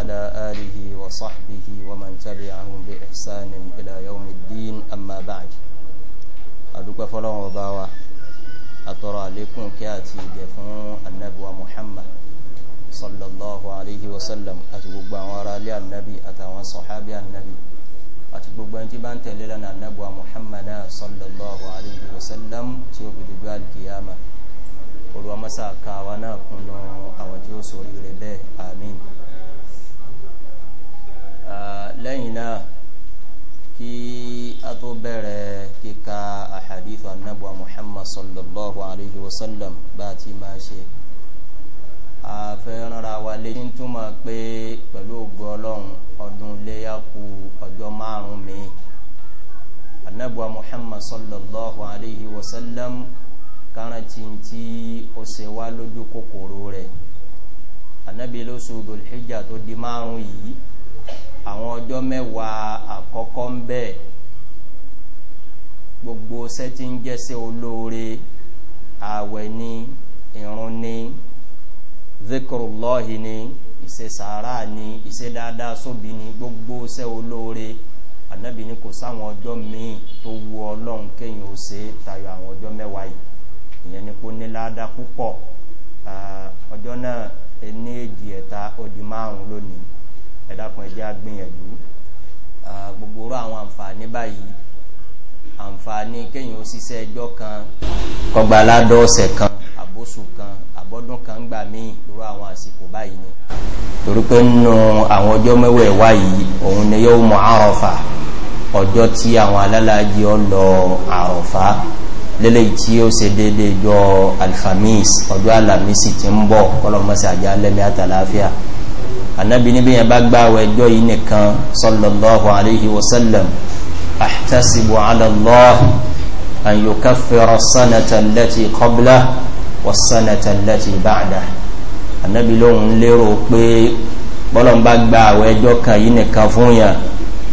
على آله وصحبه ومن تبعهم بإحسان إلى يوم الدين أما بعد أدوك فلان وضاوة أترى لكم كاتي جفون النبوة محمد صلى الله عليه وسلم أتبقى ورالي النبي أتوان صحابي النبي أتبقى أنت بان تللنا النبوة محمد صلى الله عليه وسلم تيوب دقال القيامة olùwàmásà kàwa náà kúnnú àwọn tí ó sọ ire bẹ́ẹ̀ àmín lẹ́yìn náà kí a tó bẹ̀rẹ̀ kíka àhàdífà annabuwa muhammad sallallahu alaihi wasallam bá ti máa ṣe a fẹ́ rárá wa lé ní túnmà pé pẹ̀lú ògbọ́ ọlọ́run ọdún léyà kú ọjọ́ márùn-ún mi annabuwa muhammad sallallahu alaihi wasallam kárántí tí ó se wá lójú kòkòrò rẹ̀ annabi lóṣù dòlhíjà tó di márùn-ún yìí àwọn ọjọ́ mẹ́wàá àkọ́kọ́ ń bẹ̀ gbogbo ti ń jẹ́sẹ́ olóore ààwẹ̀ ni ìrún ni zikrulọ́hì ni ìse sàárà ni ìse dáadáa sóbi ni gbogbo sẹ́ olóore ànábì ni kò sáwọn ọjọ́ míì tó wu ọlọ́run kéyìn ó ṣe tayọ àwọn ọjọ́ mẹ́wàá yìí ìyẹn ni ní ládàá púpọ̀ ọjọ́ náà èjì ẹ̀ta ẹ dákun ẹ jẹ́ á gbìyànjú gbogbo orú àwọn àǹfààní báyìí àǹfààní kéyìn ó ṣiṣẹ́ ẹjọ́ kan kọgbà aládọ́ ọ̀sẹ̀ kan àbóṣù kan àbọ́dún kan gbà míì irú àwọn àsìkò báyìí ni torí pé nínú àwọn ọjọ́ mẹ́wẹ̀ẹ́ wá yìí òun ni yóò mọ àrọ̀fà ọjọ́ tí àwọn alálàájì ọ lọ àrọ̀fà lélẹ́yìí tí ó ṣe déédéé jọ alhamis ọjọ́ alamisi ti ń bọ̀ kọ́lọ́mọsí àjálẹ́mí àtàláfíà anabi níbi yẹn bá gbàwé ẹjọ́ yìí nìkan sallallahu alayhi wa sallam ahtasibu ala allah an yukaffira sanata allati qabla wa sanata allati ba'da anabi lóhun lérò pé bọ́lọ́mbà gbàwé ẹjọ́ kan yìí nìkan fún yàn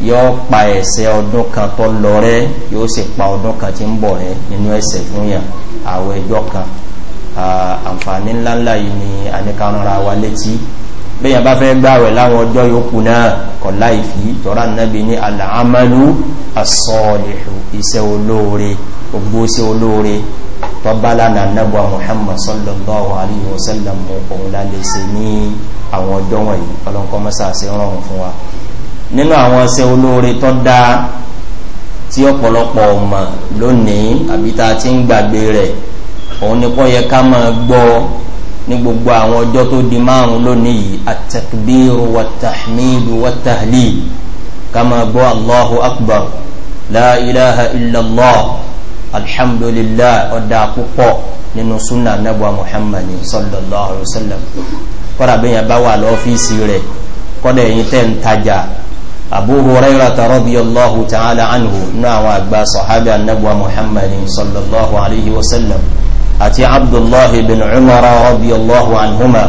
yóò pa ẹsẹ ọdún kan tó lọ rẹ yóò sì pa ọdún kan tí ń bọ rẹ nínú ẹsẹ fún yàn àwọn ẹjọ kan àǹfààní ńláńlá yìí ni àníkanra wa létí bẹ́yàn bá fẹ́ gbáwẹ̀ láwọn ọjọ́ yòókù náà kọ̀ láìfí tọ́rà nábi ní àlàámálú asọ́ọ̀lẹ̀hù iṣẹ́ olóore ogbó iṣẹ́ olóore tọ́bálànà nábà muhammad sallallahu alayhi wa sallam òun lálẹ́ sí ní àwọn ọjọ́ wọ̀nyí ọlọ́nkọ́ mọ́sáàsì rọrùn fún wa nínú àwọn iṣẹ́ olóore tọ́ da ní gbogbo àwọn ọjọ́ tó di márùn lónìí yìí atakbiru watahmidu watahli kama gbọ́ allahu akbar la ilaha illallah alhamdulillah ọ̀dà púpọ̀ nínú sunna anabuwa muhammad sallallahu alayhi wa sallam kọ́ra bí yẹn bá wà lọ́fíìsì rẹ̀ kọ́dà ẹ̀yin tẹ́ ń tajà abu huraira ta rọ́bì allahu ta'ala anhu náà àwọn àgbà sọ̀hábì anabuwa muhammad sallallahu alayhi wa sallam àti abdullahi bin umar rabi allahu anhuma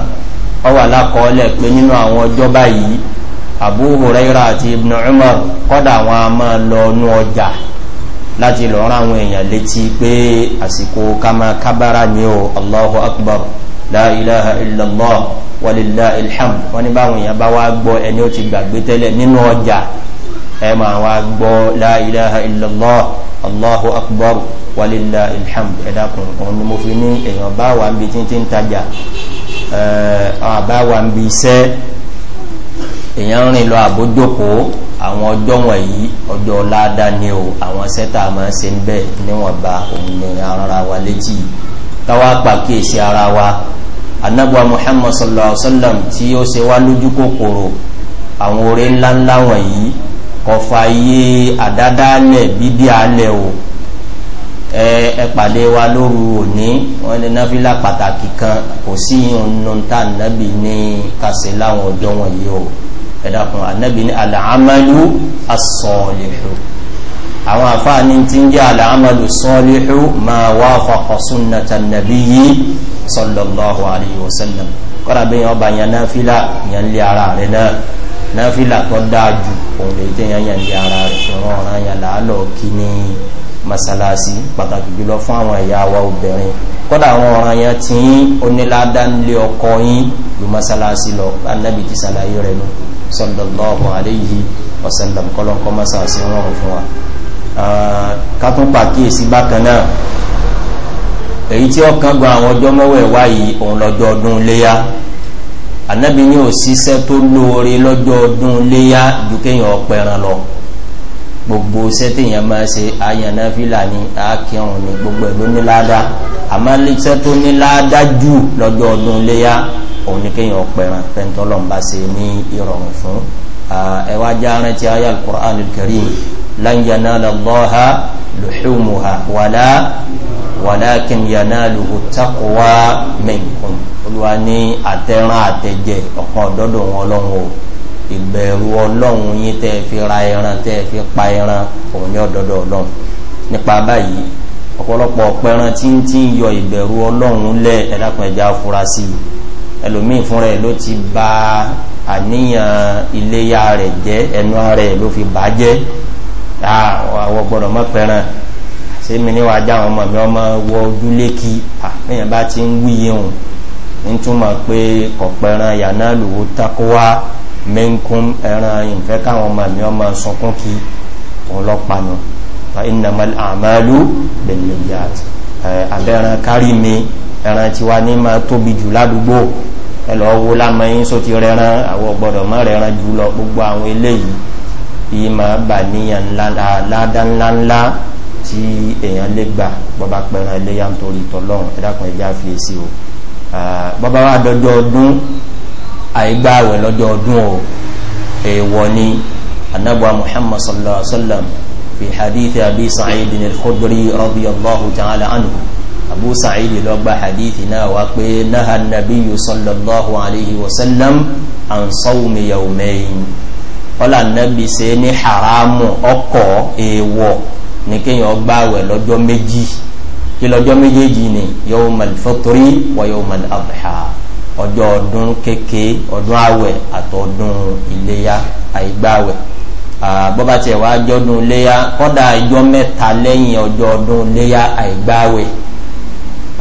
wọ́n wà lákọọ́lẹ̀ pé nínú àwọn ọjọ́ báyìí abu huraira àti ibn umar kọ́dà wọn a máa lọ nú ọjà láti lọ rán àwọn èèyàn létí pé àsìkò kama kábára ni o allahu akbar láìláha ilàlọ́ wàlílá ilham wọ́n ní báwọn èèyàn bá wá gbọ́ ẹni ó ti gbàgbé tẹ́lẹ̀ nínú ọjà ẹ máa wá gbọ́ láìláha ilàlọ́ allahu akbar wàlélà ilham ẹ̀dá kan òun ni mo fi ní èèyàn bá wà ń bi títí ń tajà àbá wà ń bi iṣẹ́ èèyàn rìn lọ àbójókòó àwọn ọjọ́ wọ̀nyí ọjọ́ ọ̀làdá ni o àwọn sẹ́tà máa ń se ń bẹ́ẹ̀ òun ni ara wa létí káwá pàkíyèsí ara wa anagba muhammad sallallahu alaihi wa sallam tí ó ṣe wá lójú kòkòrò àwọn oore ńláńlá wọ̀nyí kọfà yé àdádálẹ̀ bíbí alẹ̀ o ẹ pàdé wa lóru òní wọn ní náfìlà pàtàkì kan kò sí ìhùnnúta nàbì ní kàṣẹ láwọn ọjọ́ wọn yìí o ẹ̀dàkùn ànábì ní àlàámàlú asọ̀ọ̀lẹ̀hù àwọn àfáàní tí ń jẹ́ àlàámàlú sọ̀ọ̀lẹ̀hù máa wá fàkọ̀sùn nàtà nàbí yìí sọ̀lọ̀lọ́hù àríwọ̀sẹ́lẹ̀m kọ́ra bí yẹn ọba yẹn náfìlà yẹn lé ara rẹ̀ náà náfìlà tó dáa ju òun lè tẹ́ yẹn yẹn lé ara rẹ̀ ṣọ̀rọ̀ ọ̀ràn yẹn làálọ̀ kí masalasi pàtàkì jùlọ fún àwọn ẹ̀yà wa obìnrin kọ́dà àwọn ọ̀ràn yẹn tí onílàdá lé ọkọ yín lu masalasi lọ anabi ti sàlàyé rẹ nù sọlọlọ́ọ̀bù àléyìí ọ̀sẹ̀lọ̀m kọ́lọ́kọ́ masalasi rọrùn fún wa. ká tún pàkíyèsí bákan náà èyí tí ọkàn gba àwọn ọjọ́ mẹ́wẹ̀ẹ́wá yìí òun lọ́jọ́ ọdún léyà anabi ní òṣìṣẹ́ tó lóore lọ́jọ́ ọdún léyà ju kéèyàn ọpẹran lọ gbogbo sẹ́tìyàn máa ṣe ayànná fílà ní akẹ́hùn ní gbogbo ẹ̀ ló ní ládàá àmọ́ iṣẹ́ tó ní ládàá jù lọ́jọ́ ọdún léyà òun ni kéèyàn pẹ̀ràn pẹ̀ntọ́lọ̀ ń bá ṣe ní ìrọ̀rùn fún ẹ wá já rántí ayé alukur'an kiri lányàná lọ́lọ́ha lùhùmùhà wàlá wàlá kìnyàná lùhùtàkùwà mẹ́kùn olùwà ní àtẹ̀ràn àtẹ̀jẹ̀ ọ̀kan ọ̀dọ́dọ̀ wọn ọlọ́run o ìbẹ̀rù ọlọ́run yín tẹ́ fi ra ẹran tẹ́ fi pa ẹran òun ní ọlọ́run nípa báyìí ọ̀pọ̀lọpọ̀ ọ̀pẹran tí ń tí ń yọ ìbẹ̀rù ọlọ́run lẹ̀ ẹ̀dàkùn ẹ̀já afurasí ẹlòmíì fúnra ẹ̀ ló ti ba àníyàn iléyà rẹ̀ jẹ́ ẹnu ara ló fi bà á jẹ́ àwọn gbọ́dọ̀ mọ́ pẹran sẹ́mi ní wàá já àwọn ọmọ mi ọmọ wọ ojúlé kí àmìyàn bá ti ń wíyé òun ń pé ọ̀pẹran yànnà lòó takó mẹ́ńkún ẹran ìfẹ́ káwọn ọmọ mi ọmọ sọkún kí òun lọ panu innamal amalu binniyat abẹ́ran kárí mi ẹran tiwa ní máa tóbi jù ládùúgbò ẹlọ wo lámọyín sóti rẹran àwọn gbọdọ̀ má rẹran jù lọ gbogbo àwọn eléyìí yìí máa bà níyàn ládá ńláńlá tí èèyàn lè gbà bọ́bá pẹ̀ràn eléyà nítorí tọ́lọ́run ẹ̀dàkùn ẹ̀já fi èsì o bọ́bá wa dọjọ́ ọdún àìgbàwẹ̀ lọ́jọ́ ọdún o èèwọ̀ ni anábọ̀ muhammad sallallahu alaihi wa sallam fi hadithi abi sa'id bin al-khudri radiyallahu ta'ala anhu abu sa'id lọ gba hadithi náà wá pé náà nabiyyu sallallahu alaihi wa sallam an sawmi yawmayin kọ́lá nàbì ṣe ní haramu ọkọ̀ èèwọ̀ ní kéèyàn gbàwẹ̀ lọ́jọ́ méjì kí lọ́jọ́ méjèèjì ni yawmal fitri wa yawmal adha ọjọ́ ọdún kéke ọdún àwẹ̀ àtọ̀dún iléyà àìgbàwẹ̀ bọ́bá tiẹ̀ wá jọ́dún iléyà kọ́dà ọjọ́ mẹ́ta lẹ́yìn ọjọ́ ọdún iléyà àìgbàwẹ̀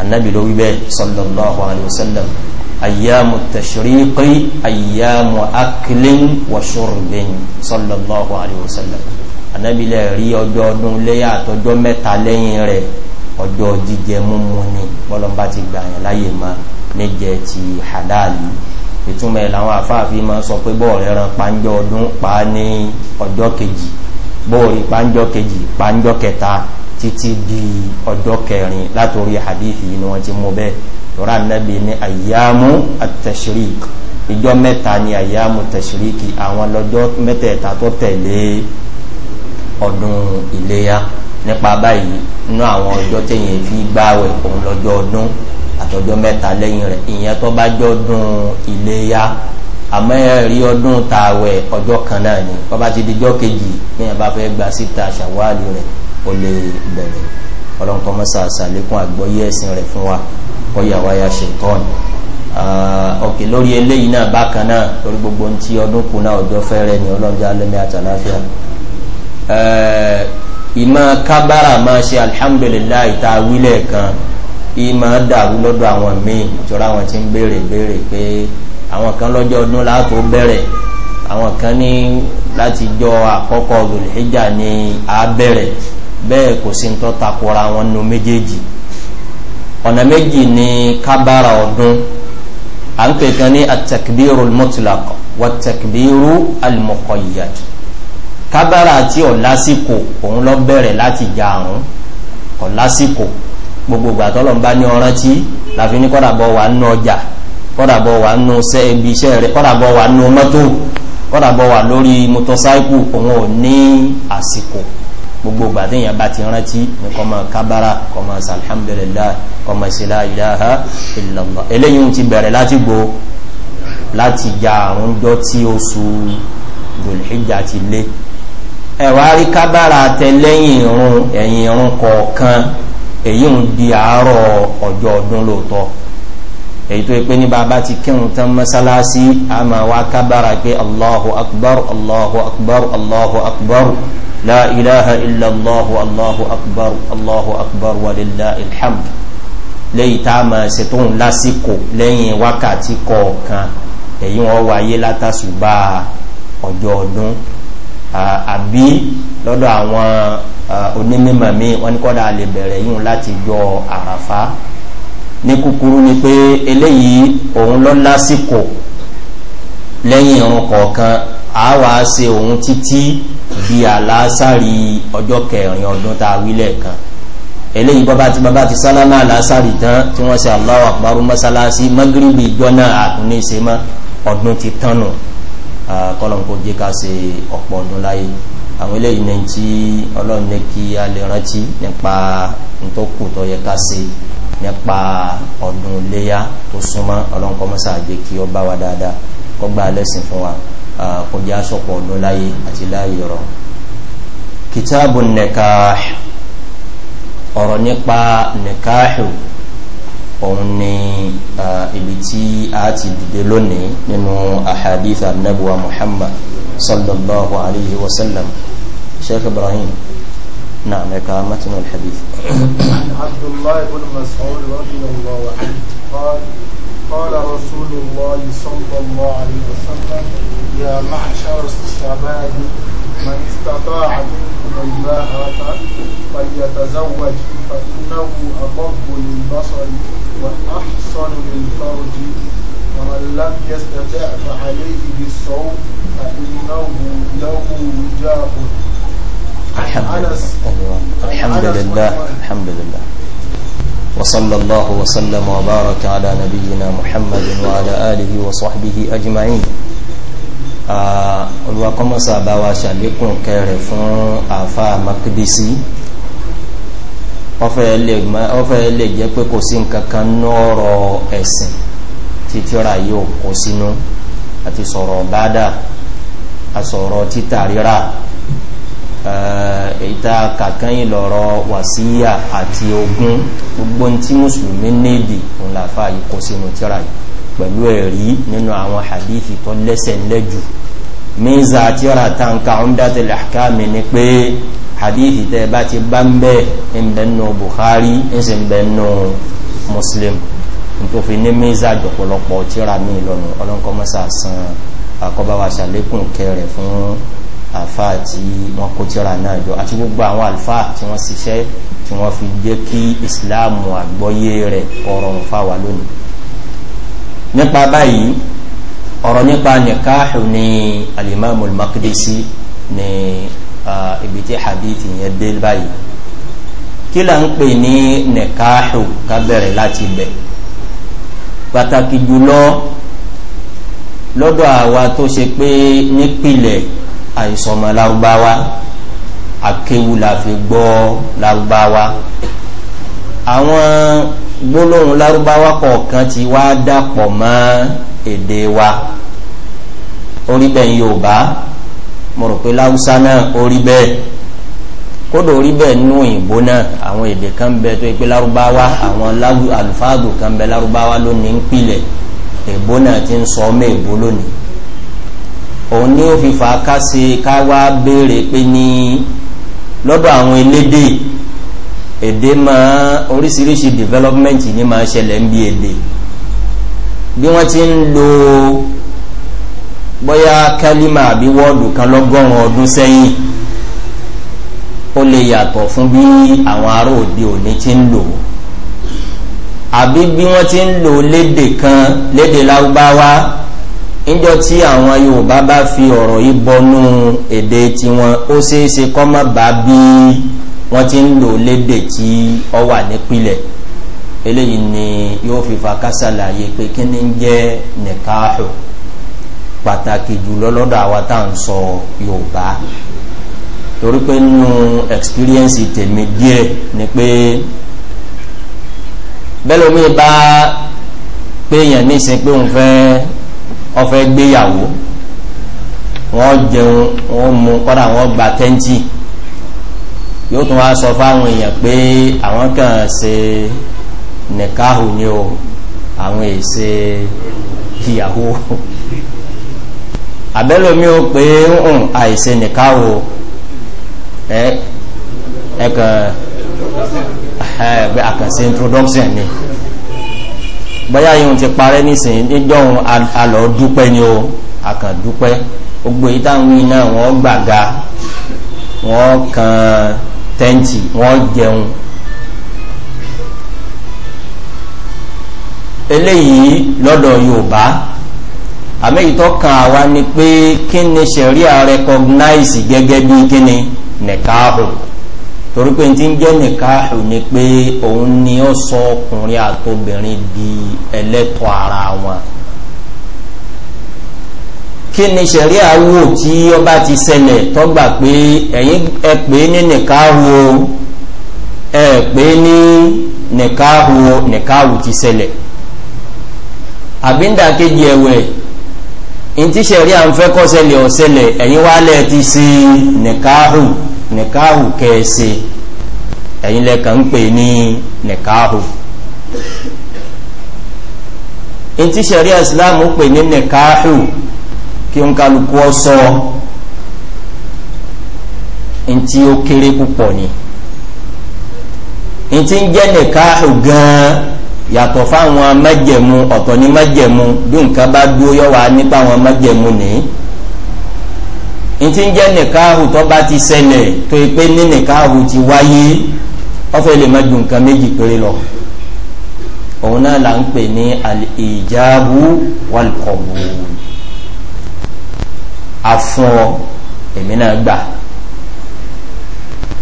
anabi ló wí bẹ́ẹ̀ sallallahu alayhi wa sallam ayyamu tashriqi ayyamu akilin wa shurbin sallallahu alayhi wa sallam anabi lè rí ọjọ́ ọdún iléyà àtọjọ́ mẹ́ta lẹ́yìn rẹ̀ ọjọ́ jíjẹ múmu ni bọ́lọ́mbà ti gbà yẹn láyè máa lẹ́jẹ̀ ti hadali ìtumọ̀ ẹ̀ làwọn afáàfin máa sọ pé bọ́ọ̀lù ẹran panjọ́ ọdún pa ní ọjọ́ kejì bọ́ọ̀lù panjọ́ kejì panjọ́ kẹta títí di ọjọ́ kẹrin látòrí hadithi ni wọ́n ti mú bẹ́ẹ̀ lọ́rọ̀ anábì ní àyàmú àtẹ̀sírík ìjọ mẹ́ta ni àyàmú tẹ̀síríkì àwọn lọ́jọ́ mẹ́tẹ̀ẹ̀ta tó tẹ̀lé ọdún ìléyà nípa báyìí inú àwọn ọjọ́ tẹ̀yìn fi gbáwẹ̀ òun lọ́jọ́ ọdún àtọ́jọ́ mẹ́ta lẹ́yìn rẹ̀ ìyẹn tó bá jọ dún iléyà àmọ́ ẹ̀rí ọdún tààwẹ̀ ọjọ́ kan náà ni bàbá ti dijọ́ kejì ní ẹ̀ bá fẹ́ gba síta ṣàwárí rẹ̀ ó lè bẹ̀rẹ̀ ọlọ́run kọ́ mọ́sá àṣàlékún àgbọ́yé ẹ̀sìn rẹ̀ fún wa kọ́yà wáyà ṣètọ́ọ̀nù ọ̀kẹ́ lórí eléyìí náà bákan náà lórí gbogbo ohun tí ọdún kù náà ọjọ́ fẹ́rẹ́ ni ọlọ́run alẹ́mí àtàláfíà ìmọ̀ kábàrà máa ṣe alihamudulilayi tá a wí lẹ́ẹ̀kan yìí máa dàrú lọ́dọ̀ àwọn míì ìtura àwọn tí ń béèrè béèrè pé àwọn kan lọ́jọ́ ọdún látò bẹ̀rẹ̀ àwọn kan ní láti jọ àkọ́kọ́ olùhíjà ní abẹ́rẹ̀ bẹ́ẹ̀ kò sí tó takora wọn nu méjèèjì ọ̀nà méjì ní kábàrà ọdún à ń pè kan ní atakbiru mutlak wa takbiru almukoyad kábàrà tí ọ̀ lásìkò òun lọ bẹ̀rẹ̀ láti jà àrùn ọ̀ lásìkò gbogbo ìgbà tọ́lọ̀ ń bá ní ọ̀rán tí láfi ní kọ́dà bọ́ wà nù ọjà kọ́dà bọ́ wà nù sẹ́ ibi iṣẹ́ rẹ̀ kọ́dà bọ́ wà nù mọ́tò kọ́dà bọ́ wà lórí mọ́tọ́sáìkù òun ò ní àsìkò gbogbo ìgbà tí èèyàn bá ti rántí ní kọ́ máa kábára kọ́ máa sàlhámdùlélá kọ́ máa ṣe láìláha ìlànà eléyìí ti bẹ̀rẹ̀ láti gbo láti ja àrùn jọ tí oṣù dùlhíjà ti lé ẹ̀wá rí kábára tẹ lẹ́yìn irun ẹ̀yìn irun kọ̀ọ̀kan èyí ń di àárọ̀ ọjọ́ ọdún lóòótọ́ èyí tó yẹ pé ní bàbá ti kírun tán mọ́sálásí a máa wá kábàrà pé allahu akbar allahu akbar allahu akbar la ilaha illallahu allahu akbar allahu akbar walillah ilhamd lẹ́yìn tá a máa ṣètò ń lásìkò lẹ́yìn wákàtí kọ̀ọ̀kan èyí wọ́n wáyé látàṣùbà ọjọ́ ọdún àbí lọ́dọ̀ àwọn Ah, onímọ̀ mi wọ́n ní kọ́dà lè bẹ̀rẹ̀ yín láti jọ àràfá ní kúkúrú ni pé eléyìí òun lọ lásìkò lẹ́yìn irun kọ̀ọ̀kan a wá ṣe òun títí di àlásàrì ọjọ́ kẹrin ọdún tá a wí lẹ́ẹ̀kan eléyìí bàbá tí bàbá ti sálámà àlásàrì tán tí wọ́n ṣe aláwọ̀ àpárò mọ́sálásí mọ́gírìbì ìjọ náà àtúnṣe mọ́ ọdún ti tánu ah, kọ́lọ́n kó jẹ́ ká ṣe ọ̀pọ̀ ọdún láyé àwọn eléyìí ní tí ọlọ́run ní kí a lè rántí nípa ntọ́kù tó yẹ ká se nípa ọdún léyà tó súnmọ́ ọlọ́run kọ́mọ́sá àgbẹ̀ kí ọ bá wa dáadáa kọ́ gba lẹ́sìn fún wa kó jẹ́ asọ́pọ̀ ọdún láyé àti láyé rọ. kìtàbù nìka ọ̀rọ̀ nípa nìkaáhù òun ni ibi tí a ti dìde lónìí nínú àhàdífà nàbùwà muhammad. صلى الله عليه وسلم شيخ إبراهيم نعم يا إقامتنا الحديث عبد الله بن مسعود رضي الله عنه قال قال رسول الله صلى الله عليه وسلم يا معشر الشباب من استطاع منكم الباءة فليتزوج فإنه أطب للبصر وأحصن للفرج ومن لم يستطع فعليه بالصوم فإنه له وجاه الحمد لله الحمد لله الحمد لله وصلى الله وسلم وبارك على نبينا محمد وعلى آله وصحبه أجمعين olùwàkọ́mọ́ sàbá wa ṣàlékún kẹrẹ̀ fún àfá makidisi ọfẹ́ lè jẹ́ pé kò sí nkankan nọ́ọ̀rọ̀ ẹ̀sìn títí ra yóò kó sínú àti sọ̀rọ̀ bádà asọ̀rọ̀ títà ríra ìta kàkán ìlọ̀rọ̀ wàsíyà àti ogun gbogbo tí mùsùlùmí nídìí òun làfà yìí kó sínú tíra yìí pẹ̀lú ẹ̀rí nínú àwọn hadithi tó lẹ́sẹ̀ lẹ́jù míza tíra tanka ọmọdátẹ̀lẹ̀ àkàmì ni pé hadithi tẹ́ bá ti bá ń bẹ́ ń bẹ́ nù buhari ń sì ń bẹ́ nù muslim nítorí ní míza jọ̀pọ̀lọpọ̀ tíra mi lọ́nu ọlọ́nkọ́mọ́sà san àkọ́bá wa ṣàlékún kẹrẹ fún àfa tí wọ́n kó tíra náà jọ àti gbogbo àwọn àlùfà tí wọ́n ṣiṣẹ́ tí wọ́n fi jẹ́ kí ìsìláàmù àgbọ́yé rẹ̀ ọ̀rọ̀ ń fa lónìí. nípa báyìí ọ̀rọ̀ nípa nìkáàhù ni alimami makidesi ni ibi tí hadithi yẹn dé báyìí kí là ń pè ní nìkáàhù ká láti bẹ̀ pàtàkì jùlọ lọ́dọ̀ àwa tó ṣe pé nípìnlẹ̀ àìsànmọ́ lárúbáwá akéwu la fi gbọ́ lárúbáwá àwọn gbólóhùn lárúbáwá kọ̀ọ̀kan ti wá dàpọ̀ mọ́ èdè wa orí bẹ́ẹ̀ yorùbá mo rò pé láwùsá náà orí bẹ́ẹ̀ kódò orí bẹ́ẹ̀ nínú òyìnbó náà àwọn èdè kan bẹ tó yẹ pé lárúbáwá àwọn alùfáàgò kan bẹ lárúbáwá ló ní ń pilẹ̀ èbó náà ti ń sọ ọmọ èbó lónìí òun ni ó fi fà á ká wá béèrè pé ní lọ́dọ̀ àwọn elédè èdè máa oríṣiríṣi development ní máa ṣẹlẹ̀ ń bí èdè bí wọ́n ti ń lo bóyá kálímà àbí wọ́ọ̀dù kan lọ́gọ́rùn-ún ọdún sẹ́yìn ó lè yàtọ̀ fún bí àwọn ará òde òní ti ń lò ó àbí bí wọ́n ti ń lò léde kan léde lárúbáwá níjọ tí àwọn yorùbá bá fi ọ̀rọ̀ yìí bọnú èdè tiwọn ó ṣeéṣe kọ́ má bàa bí wọ́n ti ń lò léde tí ọ wà nípìnlẹ̀ eléyìí ni yóò fi fa kásálàyé pé kí ni ń jẹ́ nìkaahù pàtàkì jùlọ lọ́dọ̀ àwa tá à ń sọ yorùbá torí pé nínú experience tèmi díẹ̀ ni pé. No bẹ́ẹ̀ lómi bá péyàn nísìn pé òun fẹ́ ọfẹ́ gbéyàwó wọ́n jẹun wọ́n mu kọ́dà wọ́n gba tẹ́ńtì yóò tún wá sọ fáwọn èèyàn pé àwọn kàn ṣe nìkáhù ni o àwọn èsè ìyàwó àbẹ́lómi ó pé ń àìṣe nìkáhù ẹ ẹ kàn ẹgbẹ́ àkànṣe introduction ni bọ́yá yìí ti parẹ́ nísìnyí níjọ́hun alọ́ dúpẹ́ ni o àkàn dúpẹ́ gbogbo yìí táwọn yìí náà wọ́n gbàga wọ́n kan tẹ́ǹtì wọ́n jẹun eléyìí lọ́dọ̀ yorùbá àmì ìtọ́kàn àwa ni pé kí ni sẹ̀ríà recognize gẹ́gẹ́ bí kí ni nìkaahùn torí pé ti ń jẹ́ nìkaahù ni pé òun ni ó sọ ọkùnrin àtobìnrin di ẹlẹ́tọ̀ ara wọn kí ni sẹ̀ríà wò tí ọba ti ṣẹlẹ̀ tọ́gbà pé ẹ̀yin ẹ pé ní nìkaahù o ẹ pé ní nìkaahù o nìkaahù ti ṣẹlẹ̀ àbíndà kejì ẹ̀wẹ̀ ntí sẹ̀ríà ń fẹ́ kọ́ ṣẹlẹ̀ ọ̀ṣẹlẹ̀ ẹ̀yin wálẹ̀ ti ṣe nìkaahù nìkáhù kẹ́ẹ̀ṣe ẹ̀yìn lẹ́kàn ń pè ní nìkáhù etí sẹ̀rí islam pè ní nìkáhù kí n kálukú ọ̀sọ́ ntí ó kéré púpọ̀ ni ntí ń jẹ́ nìkáhù gan-an yàtọ̀ fáwọn májẹ̀mú ọ̀tọ̀ ní májẹ̀mú bí nǹkan bá dúró yọ wá nípa àwọn májẹ̀mú nìyí ntí ń jẹ́ nìkaahù tó bá ti ṣẹlẹ̀ tó yẹ pé ní nìkaahù ti wáyé ọ̀fẹ́ lè má ju nǹkan méjì péré lọ òun náà là ń pè ní al-ijabu afún ọ èmi náà gbà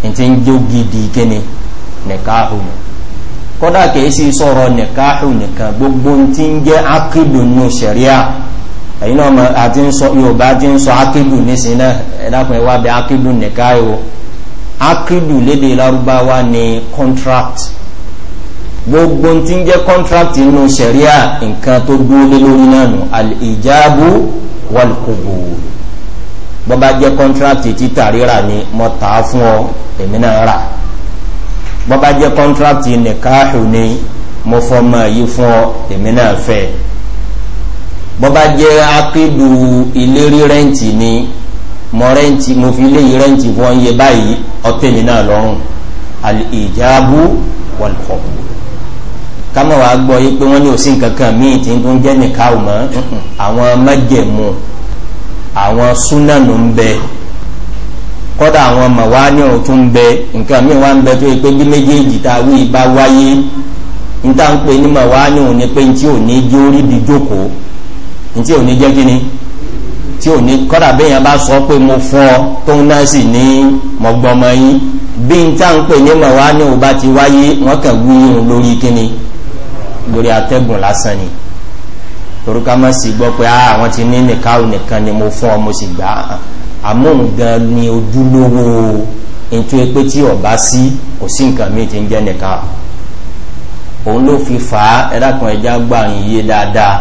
ntí ń jó gidi kíni nìkaahù mi kódà kìí sì sọ̀rọ̀ nìkaahù nìkan gbogbo ntí ń jẹ́ akídùnú sẹ̀ríà ẹ̀yìn náà àti ń sọ yorùbá ti ń sọ akídù nísìnyí náà ẹ̀dàkùn ẹ̀wà bẹ akídù nìka o akídù lédè lárúbáwá ni contract gbogbo ti ń jẹ́ contract nínú sẹ̀ríà nǹkan tó dúró lórí náà nù alìjáàbù wàlùkùbù bọ́bá jẹ́ contract títà rírà ni mo tà á fún ọ èmi náà rà bọ́bá jẹ́ contract nìka ò ní mo fọ́ mọ́ yìí fún ọ èmi náà fẹ́ bọ́ bá jẹ́ akédu ìlérí rẹ́ǹtì ni mo rẹ́ǹtì mo fi lé yìí rẹ́ǹtì fún ọ́n yẹ báyìí ọ̀tẹ̀ mi náà lọ́rùn alìjáàbù wàlùkọ̀bù kámọ̀ wàá gbọ́ yí pé wọ́n ní òsín kankan míì tí ń tún jẹ́ nìka ò mọ́ àwọn mẹ́jẹ̀mú àwọn súnánù ń bẹ kọ́dà àwọn màwá ní òtún ń bẹ nǹkan míì wá ń bẹ tó yẹ pé bí méjèèjì tá wí bá wáyé níta ń pè ní màwá ní òun ni pé ní tí ò ní jó rí jókòó ntí ò ní jẹ́ kí ni tí ò ní kọ́dà bẹ́yàn bá sọ pé mo fún ọ tóun náà sì ní mọ̀gbọ́mọ yín bí n tá n pè ní mọ̀ wá ní o ti wáyé wọ́n kàn wí irun lórí kí ni lórí atẹ́gùn lásán ni torúkà má sì gbọ́ pé àwọn ti ní nìkan ò nìkan ni mo fún ọ mo sì gbà á àmóhùngan ni ojúlówó ètò pé tí ọba sí kò sí nǹkan míì ti ń jẹ́ nìkan òun ló fi fà á ẹ̀dá kan ẹja gbàrin yé dáadáa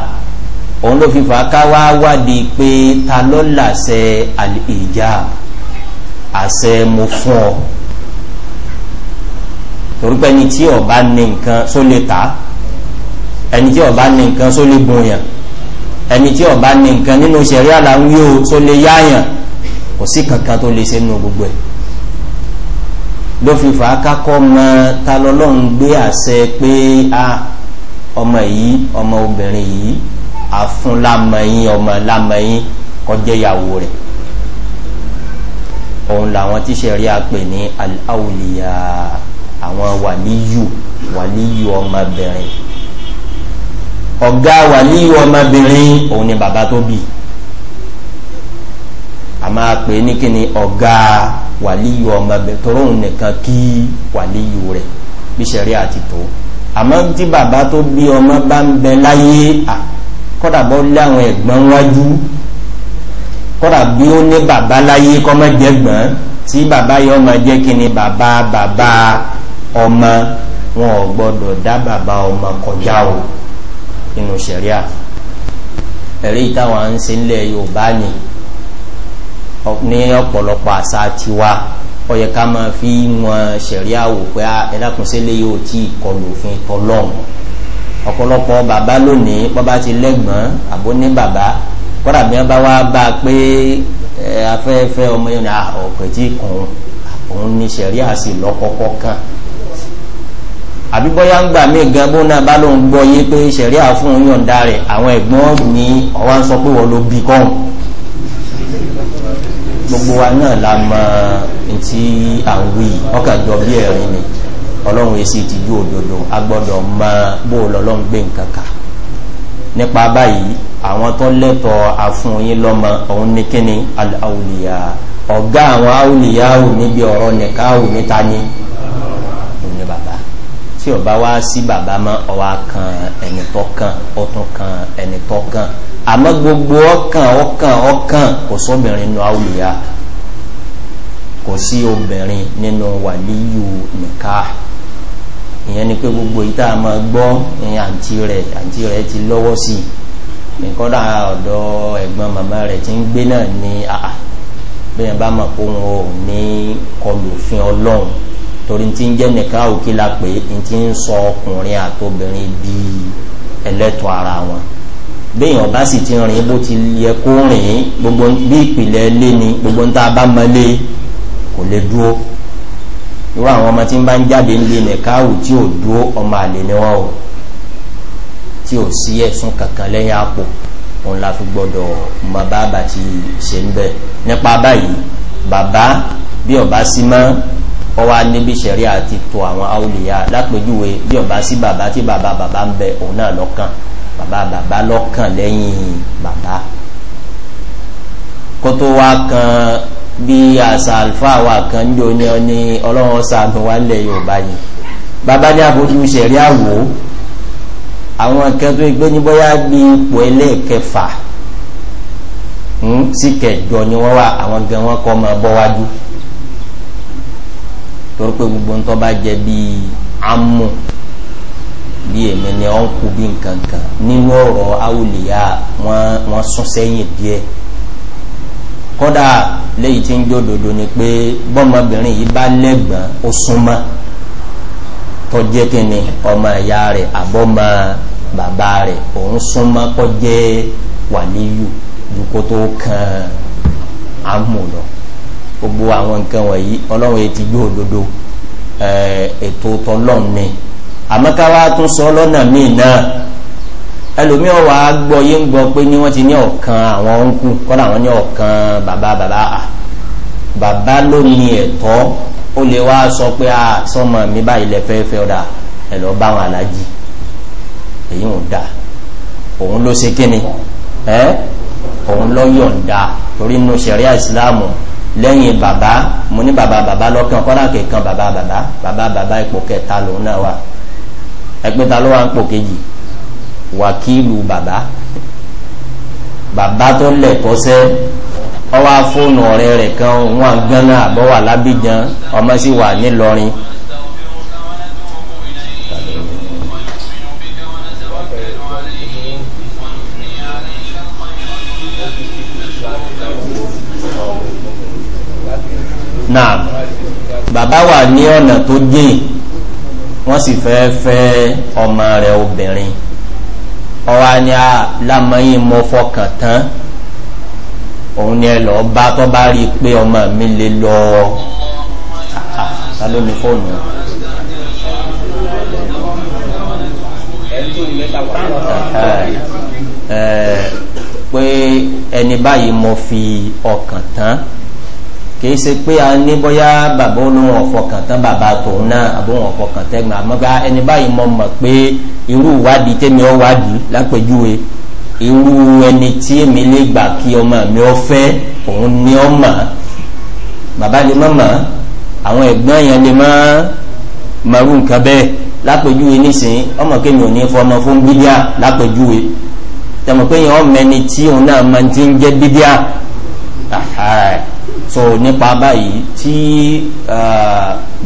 òun ló fi fà á ká wá wádìí pé ta ló làṣẹ àlìjà àṣẹ mo fún ọ torúpẹ́ ni tí ọba ní nǹkan só lè ta ẹni tí ọba ní nǹkan só lè bùnyàn ẹni tí ọba ní nǹkan nínú sẹ̀rí àlàwí o só lè yáyàn kò sí kankan tó lè ṣe nínú gbogbo ẹ̀ ló fi fà á kákọ́ mọ ta lọ́lọ́run gbé àṣẹ pé a ah, ọmọ yìí ọmọ obìnrin yìí àfún lámẹyìn ọmọ lámẹyìn kọjẹyàwó rẹ òun làwọn tí sẹ̀rí àpè ní aláwòlíyà àwọn wàlíyù wàlíyù ọmọbìnrin ọ̀gá wàlíyù ọmọbìnrin òun ni bàbá tó bì a máa pè é ní kíni ọ̀gá wàlíyù ọmọbìnrin tó rọrùn nìkan kí wàlíyù rẹ̀ bí sẹ̀rí àti tó àmọ́ tí bàbá tó bí ọmọ bá ń bẹ láyé à kọ́dà bọ́ láwọn ẹ̀gbọ́n wájú kọ́dà bí ó ní bàbá láyé kọ́mọ́jẹ́gbọ́n tí bàbá yọ ọmọ jẹ́ kí ni bàbá bàbá ọmọ wọn ò gbọ́dọ̀ dá bàbá ọmọ kọjá o nínú sẹ̀ríà ẹ̀rí táwọn ń se ńlẹ̀ yorùbá ni ní ọ̀pọ̀lọpọ̀ àṣà tiwa ọ̀yẹ̀ká máa fi wọn sẹ̀ríà wò pé ah, ẹ̀dàkùnsẹ́lẹ̀ yóò tí ì òfin tọ́lọ́run ọ̀pọ̀lọpọ̀ bàbá lónìí bọ́bá ti lẹ́gbọ̀n àbó ní bàbá kọ́dà bí wọ́n bá wá bá a pé afẹ́fẹ́ ọmọ yẹn ní ọ̀pẹ̀ tí kùn òun ní sẹ̀rí àsì lọ́kọ́kọ́ kan àbí bọ́yá ń gbà mí gan bó náà bá lóun gbọ́ yé pé sẹ̀rí àfún òun yọ̀ǹda rẹ̀ àwọn ẹ̀gbọ́n ní ọwá ń sọ pé wọ́n ló bí kọ́hùn gbogbo wa náà la mọ etí àwọn ọkàn jọ bí ẹ̀rín ni ọlọ́run èsì ti ju òdodo a gbọ́dọ̀ mọ bó lọ́lọ́run gbé nǹkan kà nípa báyìí àwọn tó lẹ́tọ̀ọ́ àfúnyín lọ́mọ òun ní kíni aláwùlíyà ọ̀gá àwọn awùlíyà ò níbi ọ̀rọ̀ nìka ò níta ní òní bàbá tí ọba wá sí bàbá mọ́ ọwá kan ẹni tó kan ó kan ẹni tó kan àmọ́ gbogbo ọkàn ọkàn ọkàn kò sóbìnrin nu awùlíyà kò sí obìnrin nínú wàlíyù nìka ìyẹn ni pé gbogbo yìí tá a máa gbọ́ ìyẹn àǹtí rẹ̀ àǹtí rẹ̀ ti lọ́wọ́ sí i kọ́dà ọ̀dọ̀ ẹ̀gbọ́n màmá rẹ̀ ti ń gbé náà ní àà bẹ́ẹ̀ yẹn bá mọ̀ pé òun ò ní kọlù òfin ọlọ́run torí ti ń jẹ́ nìkan òkè la pé ti ń sọ ọkùnrin àtobìnrin di ẹlẹ́tọ̀ ara wọn bẹ́ẹ̀ yẹn ọba sì ti rìn bó ti yẹ kó rìn gbogbo bí ìpìlẹ̀ lé ni gbogbo ń tá a bá mọ lé kò lè dúró irú àwọn ọmọ tí ń bá ń jáde ńlé nìkáwù tí ò dúró ọmọ àlè ni wọn o tí ò sí ẹ̀sùn kankan lẹ́yìn àpò òun la fi gbọ́dọ̀ mọ bàbá ti ṣe ń bẹ̀ nípa báyìí bàbá bí ọba sí mọ́ ọwọ́ níbi ìṣẹ̀rí àti tó àwọn àwòlìyà lápèjúwe bí ọba sí bàbá tí bàbá bàbá ń bẹ òun náà lọ́kàn bàbá bàbá lọ́kàn lẹ́yìn bàbá kótó wa kan bí àṣà àlùfáà wa kan jò ní ọ ní ọlọ́run ṣàánú wa lẹ̀ yorùbá yìí bàbá ní àbójú ìṣẹ̀rí àwò àwọn nǹkan tó gbé ní bóyá bí ipò ẹlẹ́ẹ̀kẹfà hmm, sí kẹjọ ni wọ́n wà àwọn gan wọn kọ́ máa bọ́ wájú torí pé gbogbo ńtọ́ bá jẹ bíi amú bí èmi ni ọ̀nkú bí nǹkan kan nínú ọ̀rọ̀ awòlíyà wọ́n sún sẹ́yìn díẹ̀ kódà léyìí tí ń jódodo ni pé bọ́mọbìnrin yìí bá lẹ́gbọ̀n ó súnmọ́ tó jẹ́ ọmọ ìyá rẹ̀ àbọ́mọ bàbá rẹ̀ òun súnmọ́ kó jẹ́ wàlíyù ju kó tó kan amú lọ gbogbo àwọn nǹkan wọ̀nyí ọlọ́run yìí ti gbé òdodo ètò tọlọ́ọ̀ni àmọ́ ká wá tún sọ lọ́nà míì náà. ẹlòmí ọwà gbọ́ yé ń gbọ́ pé ní wọ́n ti ní ọ̀kan àwọn òǹkù kọ́dà wọ́n ní ọ̀kan bàbá bàbá à bàbá ló ní ẹ̀tọ́ ó lè wá sọ pé a sọmọ mi báyìí lẹ fẹ́ fẹ́ ọ̀dà ẹ̀ lọ bá wọn alájì èyí ò dáa òun ló ṣe kíni ẹ òun lọ yọ̀ǹda torí inú sẹ̀ríà ìsìláàmù lẹ́yìn bàbá mo ní bàbá bàbá lọ́kàn kọ́dà kẹ̀kan bàbá bàbá bàbá bàbá ipò kẹta lòun náà wà ẹgbẹ́ta ló wà ń pò kejì wàkílù bàbá bàbá tó lẹ̀ kọ́sẹ́ ọwọ́ afọ́nù ọ̀rẹ́ rẹ̀ kan wọn gánà àbọ̀wà lábìjan ọmọ sì wà nílọrin. náà bàbá wà ní ọ̀nà tó jìn wọ́n sì fẹ́ fẹ́ ọmọ rẹ̀ obìnrin. ọwọ́ ni a lámọ́yìn mọ́ fọkàn tán òun ni ẹ lọ bá tó bá rí i pé ọmọ mi lè lọ ta ló ní fóònù pé ẹni báyìí mo fi ọkàn tán kìí ṣe pé a ní bóyá bàbá olóhùn ọ̀fọ̀kàn tán bàbá tòun náà àbóhùn ọ̀fọ̀kàn tẹ́gbọ̀n àmọ́gá ẹni báyìí mo mọ̀ pé. irú ìwádìí tẹ́mi ọ́ wádìí lápẹ̀júwe irú ẹni tí èmi lè gbà kí ọmọ mi ọ́ fẹ́ òun ni ọ́ mọ̀ bàbá lè mọ̀ mọ̀ àwọn ẹ̀gbọ́n yẹn lè mọ̀ mọ̀rú nǹkan bẹ́ẹ̀ lápẹ̀júwe nísìnyí ọmọ kémi ò ní fọmọ fún bídíà lápẹ̀júwe tẹmọ pé yẹn ọmọ ẹni tí òun náà máa ti ń jẹ bídíà so nípa báyìí tí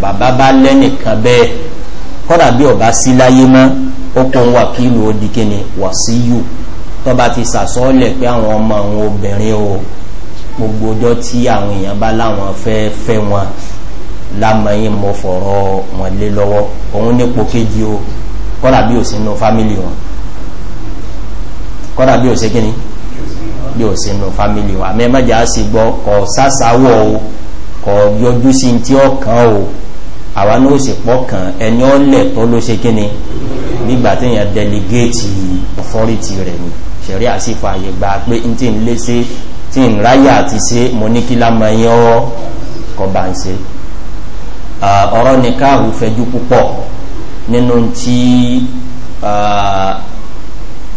bàbá bá lẹ́nìkan bẹ́ẹ̀ kọ́dà bí ọba sí láyé mọ́ ó kó ń wàkílù ó di kíni wàsíyù tó bá ti sàsọ́ọ̀lẹ̀ pé àwọn ọmọ àwọn obìnrin o gbogbo ọjọ́ tí àwọn èèyàn bá láwọn fẹ́ fẹ́ wọn lámọ̀yìn mo fọ̀rọ̀ wọn lé lọ́wọ́ òun nípò kejì o kọ́dà bí ò sínú fámìlì wọn kọ́dà bí ò sí kíni bí ò sínú fámìlì wọn àmì ẹ̀mẹ́jà sì gbọ́ kọ́ sásáwọ̀ o kọ́ yọjú sí ti ọ̀kan o àwa ní ó sì pọ̀ kan ẹni ọ̀lẹ̀ tó ló ṣe kíni gbígbà téèyàn delegate authority rẹ̀ ni ṣẹ̀rí àsìkò àyè gba pé n tí ń lé sí tí ń ráyà àti ṣe mo ní kí lámọ̀ yẹn ọ́ kọ́ bá ń ṣe ọ̀rọ̀ ní káàrù fẹjú púpọ̀ nínú tí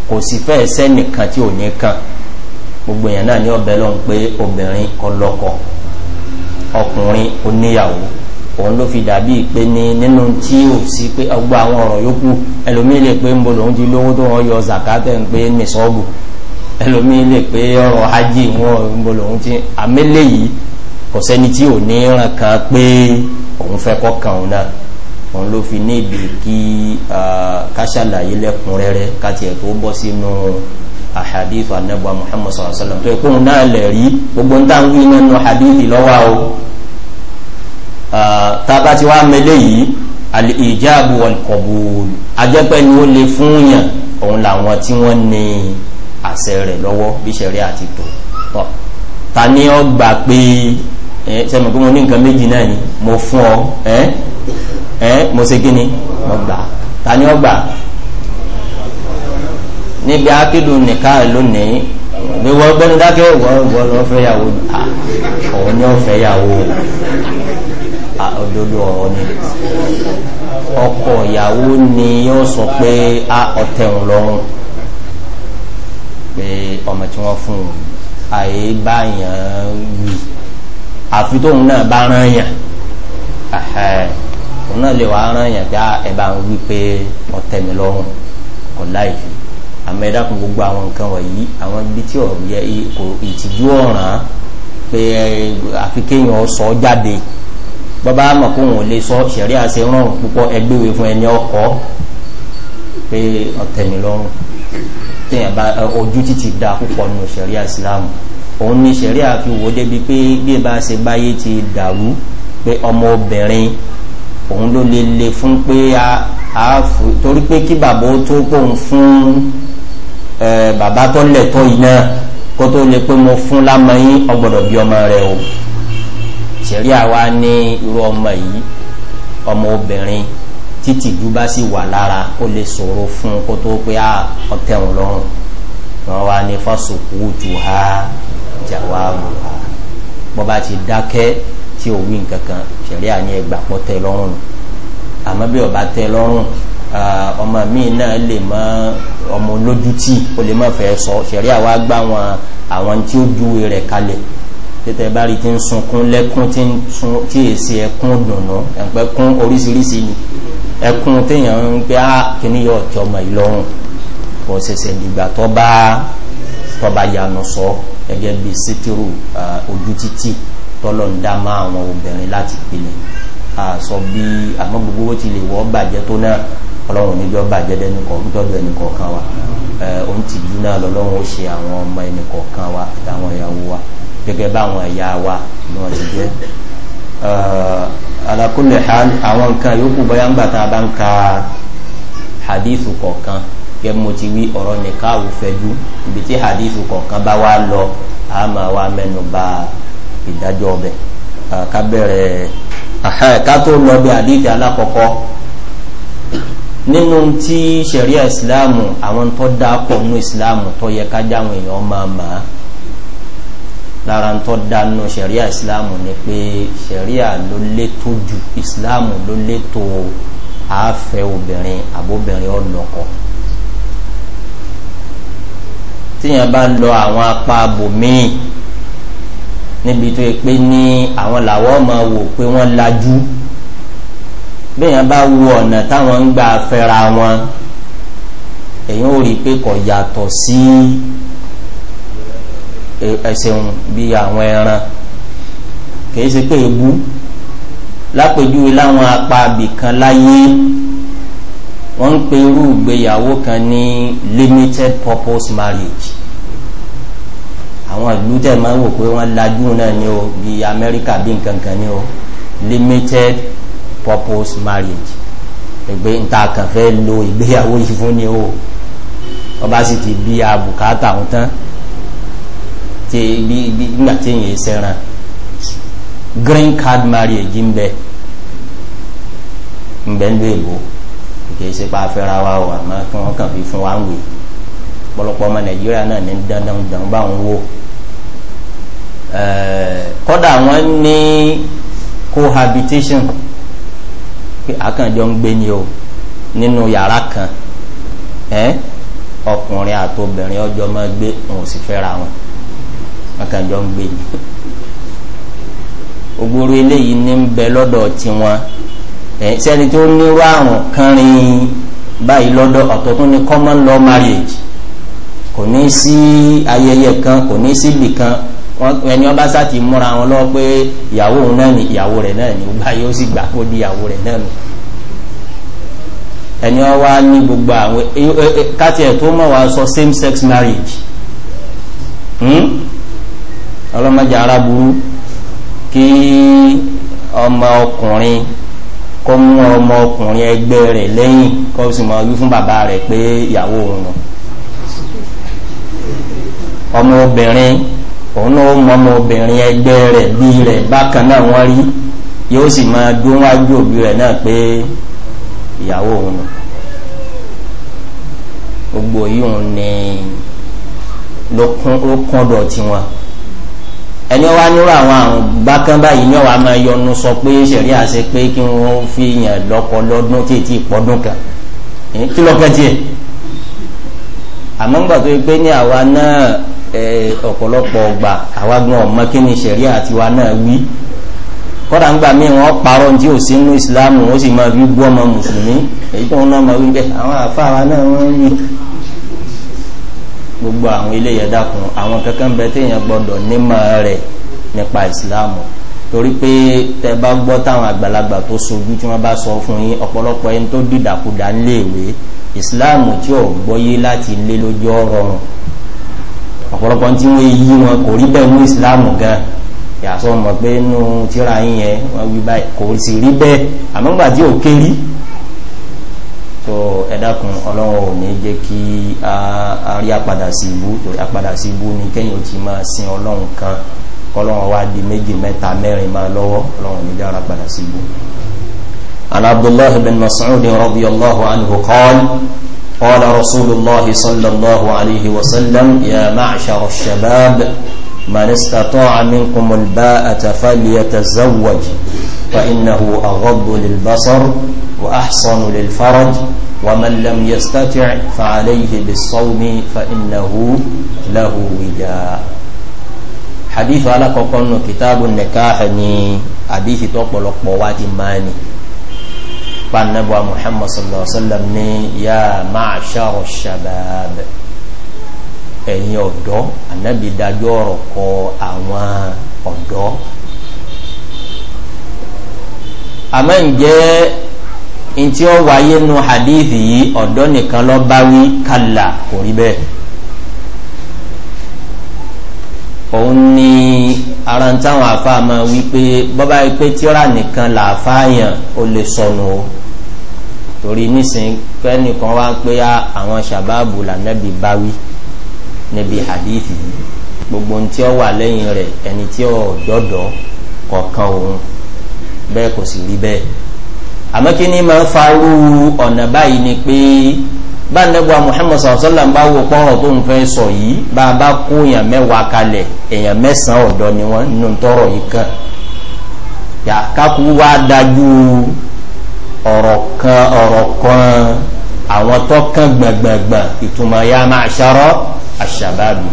kò sì fẹ́ sẹ́nìkan tí ò ní kàn gbogbo èèyàn náà ní ọbẹ̀ lọ́hùn pé obìnrin ọlọ́kọ ọkùnrin oníyàwó òun ló fi dàbí pé ní nínú tí ò sí pé ọgbà àwọn ọ̀rọ̀ yòókù ẹlòmíì lè pé ń bo lòun ti lówó tó wọn yọ zakatẹ̀ ń pé ní sọ́ọ̀bù ẹlòmíì lè pé ọ̀rọ̀ hajj wọn ń bo lòun ti àmẹ́lẹ̀ kò sẹ́ni tí ò ní ràn kan pé òun kàn náà òun ló fi ní kí káṣàlàyé lẹ́kùnrẹ́rẹ́ káti ẹ̀ tó bọ́ sínú àhàdífà nẹ́bà muhammad sallallahu wa sallam tó kóun náà gbogbo ń wí nínú o. tába tí wàá mẹlẹ yìí àlè ìjáàbù wọn kọ̀bù ajẹ́pẹ́ ni ó lè fún yàn òun làwọn tí wọ́n ní àṣẹ rẹ̀ lọ́wọ́ bí sẹ̀rí àti tò tọ́ ta ni ọ gbà pé ẹ sẹ́mi pé mo ní nǹkan méjì náà ni mo fún ọ ẹ ẹ mo ṣe kí mo gbà ta ni ọ gbà níbi akédùn nìkan lónìí ní wọ́n gbẹ́nu dákẹ́ wọ́n wọ́n lọ́ fẹ́ yàwó ọ̀hún ni ó fẹ́ yàwó Ah, òdodo ọ̀rọ̀ ni ọkọ ìyàwó ni yóò sọ pé a ọ̀tẹ̀hùn lọ́rùn pé ọmọ tí wọ́n fún un àyè báyàn wì àfi tóun náà bá rán yàn òun náà lè wàá rán yàn já ẹ bá ń wí pé ọ̀tẹ̀ mi lọ́rùn kò láì fi àmọ́ ẹ dákun gbogbo àwọn nǹkan wọ̀nyí àwọn ibi tí ọ̀rọ̀ yẹ ìtìjú ọ̀ràn pé àfi kéèyàn sọ jáde bọ́bá àmọ̀ kó wọn ò lè sọ ṣẹ̀rí àṣẹ rọrùn púpọ̀ ẹgbẹ́wé fún ẹni ọkọ̀ pé ọ̀tẹ̀mí lọ́rùn téèyàn bá ojú títí da púpọ̀ nù ṣẹ̀rí àsìlámù òun ní ṣẹ̀rí àfiwò débi pé bí bá ṣe báyé ti dàrú pé ọmọ obìnrin òun ló lè le fún pé a torí pé kí bàbá ó tó kóun fún bàbá tó lẹ̀ tó yìí náà kó tó lè pé mo fún lámọ́ yín ọgbọ̀dọ̀ bí ọmọ rẹ o ìṣẹ̀rí àwa ní irú ọmọ yìí ọmọ obìnrin títí ìdú bá sì wà lára ó lè sọ̀rọ̀ fún kó tó pé à ọ̀tẹ̀wọ̀n lọ́rùn wọn wá ní fásokù ojú ha jàwáàbù ha bọ́ bá ti dákẹ́ tí ò wí nǹkan kan àní ẹgbà pọ̀ tẹ lọ́rùn àmọ́ bí ọba tẹ lọ́rùn ọmọ míì náà lè mọ ọmọ olójútì ó lè má fẹ́ sọ ìṣẹ̀rí àwa gbá wọn àwọn tí ó dúwe rẹ̀ kalẹ̀ tètè bá rí ti ń sunkún lẹ́kún tí ń sun tí èsì ẹkún dùnú ẹ̀pẹ́ kún oríṣiríṣi ni ẹkún téèyàn ń pé á kíní yọ ọ̀tọ́ ọmọ ìlọrun kò ṣẹ̀ṣẹ̀ dìgbà tó bá tó bá yanu sọ gẹ́gẹ́ bíi sítírù ojú títì tọ́lọ̀ ń dá má àwọn obìnrin láti pinnu àsọ bí àmọ́ gbogbo ti lè wọ́ bàjẹ́ tó náà ọlọ́run níjọ́ bàjẹ́ dẹ́nukọ̀ gbọ́dọ̀ ẹnìkọ̀ọ̀kan wa òun tìjú náà lọ́lọ́run ó ṣe àwọn ọmọ ẹnìkọ̀ọ̀kan wa àtàwọn ìyàwó wa gẹ́gẹ́ báwọn ẹ̀yà wa ni wọ́n ti jẹ́ alákùnlé àwọn nǹkan yòókù bóyá ń gbà tá a bá ń ka hadithu kọ̀ọ̀kan gẹ́gẹ́ mo ti wí ọ̀rọ̀ nìka àwòfẹ́jú ibi tí hadithu kọ̀ọ̀kan bá wá lọ a máa wá mẹ́nu ba ìdájọ́ ọbẹ̀ ká bẹ̀rẹ̀ ká tó lọ bí hadith alákọ̀ọ́kọ́ nínú tí sẹ̀ríà ìsìláàmù àwọn tó dáa pọ̀ nínú ìsìláàmù tó yẹ ká jáwọn èèyàn máa máa lára ń tọ́ dánú sẹ̀ríà ìsìláàmù ni pé sẹ̀ríà ló létò ju ìsìláàmù ló létò àáfẹ́ obìnrin àbóbìnrin ọlọ́kọ̀ tíyẹn bá lọ àwọn apá abòmíì níbi tó yẹ pé ní àwọn làwọn máa wò pé wọ́n lajú bẹ́ẹ̀yàn bá wo ọ̀nà táwọn ń gbà fẹ́ra wọn èyí ó rí i pé kò yàtọ̀ sí. Si, ẹsẹ̀ wọn bí àwọn ẹran kìí ṣe pé ebú lápèjúwe láwọn apá abìkan láyé wọ́n ń pe irú ìgbéyàwó kan ní limited purpose marriage àwọn ìlú tẹ̀ máa ń wò pé wọ́n lajú náà ni o bí amẹ́ríkà bí nǹkan kan ni o limited purpose marriage ẹgbẹ́ níta kàn fẹ́ lo ìgbéyàwó yìí fún ni o ọba sì ti bí abùkátà òun tán tí bí bí nígbà tí èyàn sẹ́ran green card marriage ń bẹ ń bẹ ń lo èbó kì í ṣe pa afẹ́ra wa o àmọ́ kí wọ́n kàn fi fún wa ń wè pọ̀lọpọ̀ ọmọ nàìjíríà náà ní dandan dandan báwọn wò kọ́dà wọ́n ní cohabitation pé àkànjọ ń gbé ni o nínú yàrá kan ọkùnrin àtobìnrin ọjọ́ máa gbé òun sì fẹ́ra wọn akànjọ ń gbé ni ogboro eléyìí ní ń bẹ lọ́dọ̀ tiwọn ẹ̀ sẹ́ni tó nírú àrùn kánrin báyìí lọ́dọ̀ ọ̀tọ̀ tó ní common law marriage kò ní sí ayẹyẹ kan kò ní sí ibì kan ẹni ọba sá ti múra wọn lọ pé ìyàwó òun náà ni ìyàwó rẹ̀ náà ni ọba yóò sì gbà kó di ìyàwó rẹ̀ náà nù ẹni ọwa ní gbogbo àwọn kátìẹ̀ tó mọ̀ wá sọ same sex marriage. Hmm? ọlọ́mọdé ara burú kí ọmọ ọkùnrin kọ́ mú ọmọ ọkùnrin ẹgbẹ́ rẹ̀ lẹ́yìn kọ́ sì mọ wí fún bàbá rẹ̀ pé ìyàwó òun ọmọ obìnrin òun náà mọ ọmọ obìnrin ẹgbẹ́ rẹ̀ bí rẹ̀ bákan náà wọ́n rí yóò sì máa dún wájú òbí rẹ̀ náà pé ìyàwó ẹni wá nírú àwọn àrùn bákan báyìí ní ọ̀wá máa yọnu sọ pé sẹ̀rí àṣẹ pé kí wọ́n fi yàn lọ́kọ lọ́dún tí ètí kan kí lọ́kàn tiẹ̀ àmọ́ ń gbà tó pé ní àwa náà ọ̀pọ̀lọpọ̀ ọgbà àwa gan ọ̀mọ kí ni sẹ̀rí àtiwa náà wí kọ́dà ń gbà mí wọ́n parọ́ tí ò sí nínú ìsìlámù wọ́n sì máa fi bú ọmọ mùsùlùmí èyí tó ń ná ọmọ wí bẹ́ẹ̀ àwọn àfa àwa náà wọ́n ń rí gbogbo àwọn ilé yẹn dákun àwọn kankan bẹ téèyàn gbọdọ̀ nímọ̀ rẹ̀ nípa ìsìláàmù torí pé tẹ bá gbọ́ táwọn àgbàlagbà tó sojú tí wọ́n bá sọ fún yín ọ̀pọ̀lọpọ̀ ẹni tó dìdàkudà ńléèwé ìsìláàmù tí ò gbọ́yé láti lé lójú ọ̀rọ̀ rùn ọ̀pọ̀lọpọ̀ tí wọ́n yí wọn kò rí bẹ́ẹ̀ ní ìsìláàmù gan yàtọ̀ mọ̀ pé inú tíra yín yẹn wọ́n wí báyìí kò sì rí bẹ́ẹ̀ àmọ́ gbà tí ò kéré tó. So, ẹ̀dàkùn ọlọ́wọ́ ò ní jẹ́ kí a rí àpadà sí ibú torí àpadà sí ibú ni kẹ́yìn ò ti máa sin ọlọ́run kan kọlọ́run wá di méjì mẹ́ta mẹ́rin máa lọ́wọ́ ọlọ́run ní dára padà sí ibú. عن عبد الله بن مسعود رضي الله عنه قال قال رسول الله صلى الله عليه وسلم يا معشر الشباب من استطاع منكم الباءة فليتزوج فإنه أغض للبصر وأحصن للفرج ومن لم يستطع فعليه بالصوم فإنه له وجاء حديث على قرن كتاب النكاح ني حديث تقبل قوات ماني فالنبوة محمد صلى الله عليه وسلم ني يا معشر الشباب ẹ̀yin ọ̀dọ́ ànábì dájọ́ ọ̀rọ̀ kọ àwọn ọ̀dọ́ àmọ́ ǹjẹ́ ntí ọ wáyé nu hadith yìí ọ̀dọ́ nìkan lọ bá wí kàlà kò rí bẹ́ẹ̀ òun ni ara ń táwọn àfa máa wí pé bọ́bá yìí pé tíra nìkan làáfà yàn ó lè sọnù o torí nísìnyí kẹ́nìkan wá pé àwọn sàbáàbù lànàbì bá wí níbi hadith yìí gbogbo ntí ọ wà lẹ́yìn rẹ̀ ẹni tí ọ dọ́dọ̀ kọ̀ọ̀kan òun bẹ́ẹ̀ kò sì rí bẹ́ẹ̀ àmọ́ kí ni máa farú ọ̀nà báyìí ni pé bá nẹ́gbà muhammed sàlọ́sọ́là ń bá wo pọ́nrọ̀ tó ń fẹ́ sọ yìí bá a bá kó èèyàn mẹ́wàá kalẹ̀ èèyàn mẹ́sàn-án ọ̀dọ́ ni wọ́n nù tọrọ yìí kàn yà kákú wá dájú ọ̀rọ̀ kan ọ̀rọ̀ kan àwọn tó kàn gbàngbàngbàn ìtumọ̀ yá máa ṣarọ́ àṣàbàbí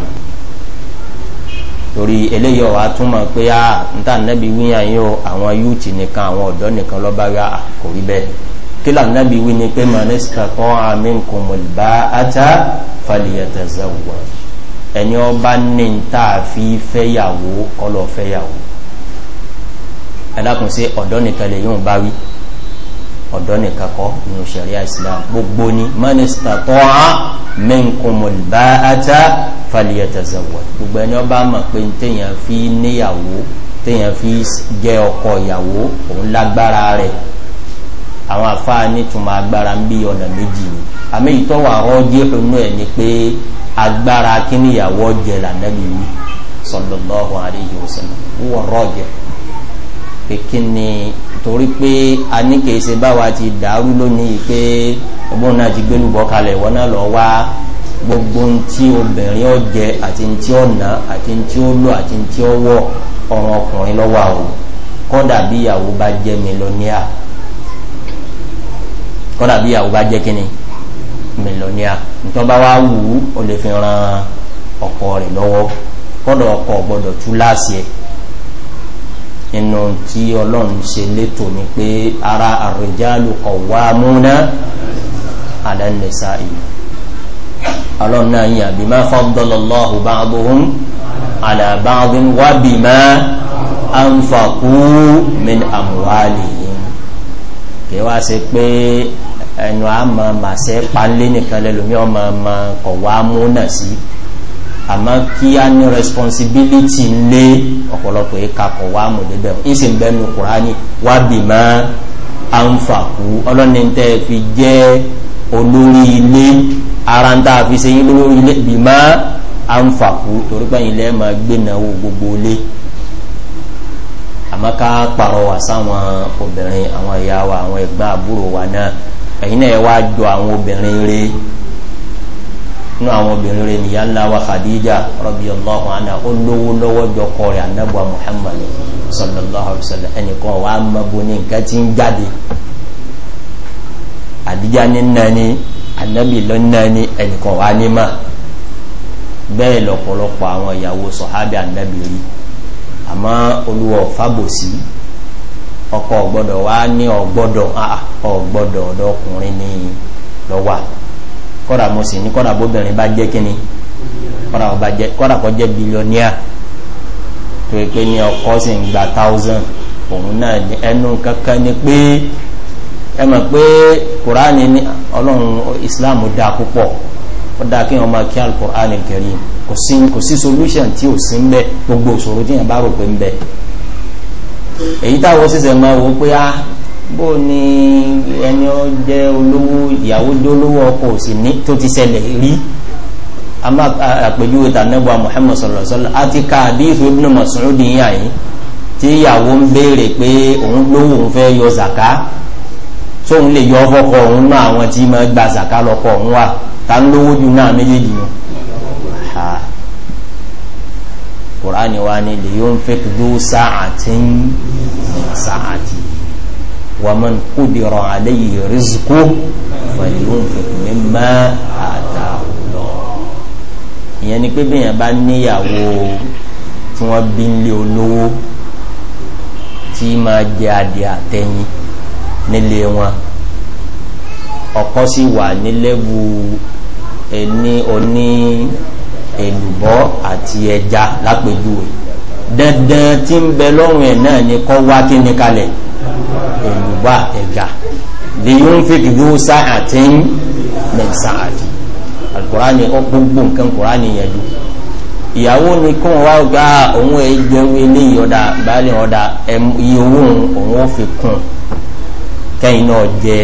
torí eléyìí ọ̀wá túmọ̀ pé a ah, níta nẹ́bi wíyàn yín o àwọn yúùtì nìkan àwọn ọ̀dọ́ nìkan lọ́ba ah, ra kò rí bẹ́ẹ̀ kí là nẹ́bi wí ni pé mọ̀nísítà kan àmì nǹkan mọ̀lìbá ata falẹ̀yẹtẹ̀ zẹ̀wọ̀ ẹni ọba ní níta fi fẹ́yàwó kọ́lọ̀ fẹ́yàwó ẹ̀dá kan sí ọ̀dọ́ nìkan lè yóò bá wí ọ̀dọ́ nìkan kọ́ nínú sẹ̀ríà islam gbogbo ni mínísítà tó á mẹ́nkùnmọ̀lbá ata faliyatazawọ̀ gbogbo ẹni ọba mọ̀ pé téèyàn fi níyàwó téèyàn fi jẹ́ ọkọ ìyàwó òun lágbára rẹ̀ àwọn afáà nítumọ̀ agbára ń bí ọ̀nà méjì ni àmì ìtọ́wọ̀ àwọn ọjẹ́ inú ẹ̀ ni pé agbára kíníyàwó jẹ lànàbí wí sọlọ́lọ́hu àríyí òsèlú wọ́n rọ̀ jẹ pé kí torí pé a ní kìí ṣe báwa ti dàrú lónìí pé ọgbọ́n náà ti gbélùbọ́ kalẹ̀ wọ́n náà lọ wá gbogbo ntí obìnrin ọjẹ àti ntí ọ̀nà àti ntí ó lò àti ntí ó wọ̀ ọ̀ràn ọkùnrin lọ́wọ́ àwọn kọ́dà bí ìyàwó bá jẹ́ mélòníà kọ́dà bí ìyàwó bá jẹ́ kínní mélòníà ntọ́ba wa wù ú o lè fi ran ọkọ rẹ̀ lọ́wọ́ kọ́dà ọkọ gbọ́dọ̀ tú láàṣì inú tí ọlọ́run ṣe létò ni pé ara àrùjálù kọ̀ wá múná àdánilẹ̀sá ìlú ọlọ́run náà yìn àbí máa fọ́dọ̀lọ́lọ́hù bá agbóhùn àlàbáwín wábì máa àǹfàkú min àmúwálì yìí kí wá sí pé ẹnu àmọ́ màṣẹ́ palé nìkan lẹ́lòmí ọmọ kọ̀ wá múná sí i àmọ́ kí a ní responsibility lé ọ̀pọ̀lọpọ̀ ìkakọ̀ wa mọ̀lẹ́bẹ̀ ìsì ń bẹ́nu kùránì wá bì mọ́ àǹfààkú ọlọ́ni tẹ́ fi jẹ́ olórí ilé ara ń tá a fi ṣe yín lórí ilé bì mọ́ àǹfààkú torí pé ilẹ̀ máa gbénáwó gbogbo lé àmọ́ ká pàrọ̀ wà sáwọn obìnrin àwọn ìyá wa àwọn ẹ̀gbọ́n àbúrò wa náà ẹ̀yin náà ẹ wá jọ àwọn obìnrin rèé nínú àwọn obìnrin rẹ̀ nìyá ńlá wa khadija radiyallahu anha ó lówó lọ́wọ́ jọkọ rẹ̀ anábọ̀ muhammad sallallahu alayhi wa sallam ẹnìkan wà á mọ bo ní nǹkan tí ń jáde àdíjá ní nani anábì lọ nani ẹnìkan wà á ní mà bẹ́ẹ̀ àwọn ìyàwó sọ̀hábì anábì rí àmọ́ olúwọ̀ fábòsí ọkọ̀ ọ̀gbọ́dọ̀ wá ní ọ̀gbọ́dọ̀ ọ̀gbọ́dọ̀ ọ̀dọ́kùnrin ní lọ́wọ́ kọ́ra mo sì ní kọ́ra bóbìnrin bá jẹ́ kínní kọ́ra kọ́ jẹ́ bílíọ̀nìà tó yẹ pé ní ọkọ sì ń gba thousand òun náà ní ẹnu kankan ni pé ẹ mọ̀ pé kuraani ní ọlọ́run islam da púpọ̀ ó dáa kí wọn máa kí alukur'an kẹrin kò sí kò sí solution tí ò sí ń bẹ gbogbo òṣòro tí yẹn bá rò pé ń bẹ èyí táwọn ṣẹṣẹ máa wò pé á ah, bó ni ẹni ọ jẹ́ olówó ìyàwó jólówó ọkọ̀ òsì ní tó ti ṣẹlẹ̀ rí àpèjúwe tànẹ́bù muhammed sọ̀rọ̀ sọ̀rọ̀ àti ká àdífò ibn masoud yìí àyè tí ìyàwó ń béèrè pé òun lówó òun fẹ́ yọ zàká tóun lè yọ ọkọ òun náà àwọn tí máa gba zàká lọkọ òun wà ta ń lówó ju náà méjèèjì yìí kùránì wa ni lè yóò ń fẹ́ kí ló sáà tí ń sáà tí. ومن قدر عليه رزقه فلينفق مما آتاه الله ìyẹn ni pé bẹ́yàn bá níyàwó tí wọ́n bí nílé olówó tí máa jẹ adìẹ àtẹ̀yìn nílé wọn ọkọ sì wà ní lẹ́bù ẹni oní èlùbọ́ àti ẹja lápèjúwe dandan tí ń bẹ lọ́rùn ẹ̀ náà ni kọ́ wá kí ni kalẹ̀ yìí èlùbá ẹ̀gà di yóò ń fi kìlú sáàtì mẹ́sàáàtì alukurani ọ gbogbo nǹkan kurani yẹn lu ìyàwó ni kí wọn wá gba òun ẹ jẹun eléyìí ọ̀dà baálé ọ̀dà iye owó òun ò fi kún kẹ́yìn náà jẹ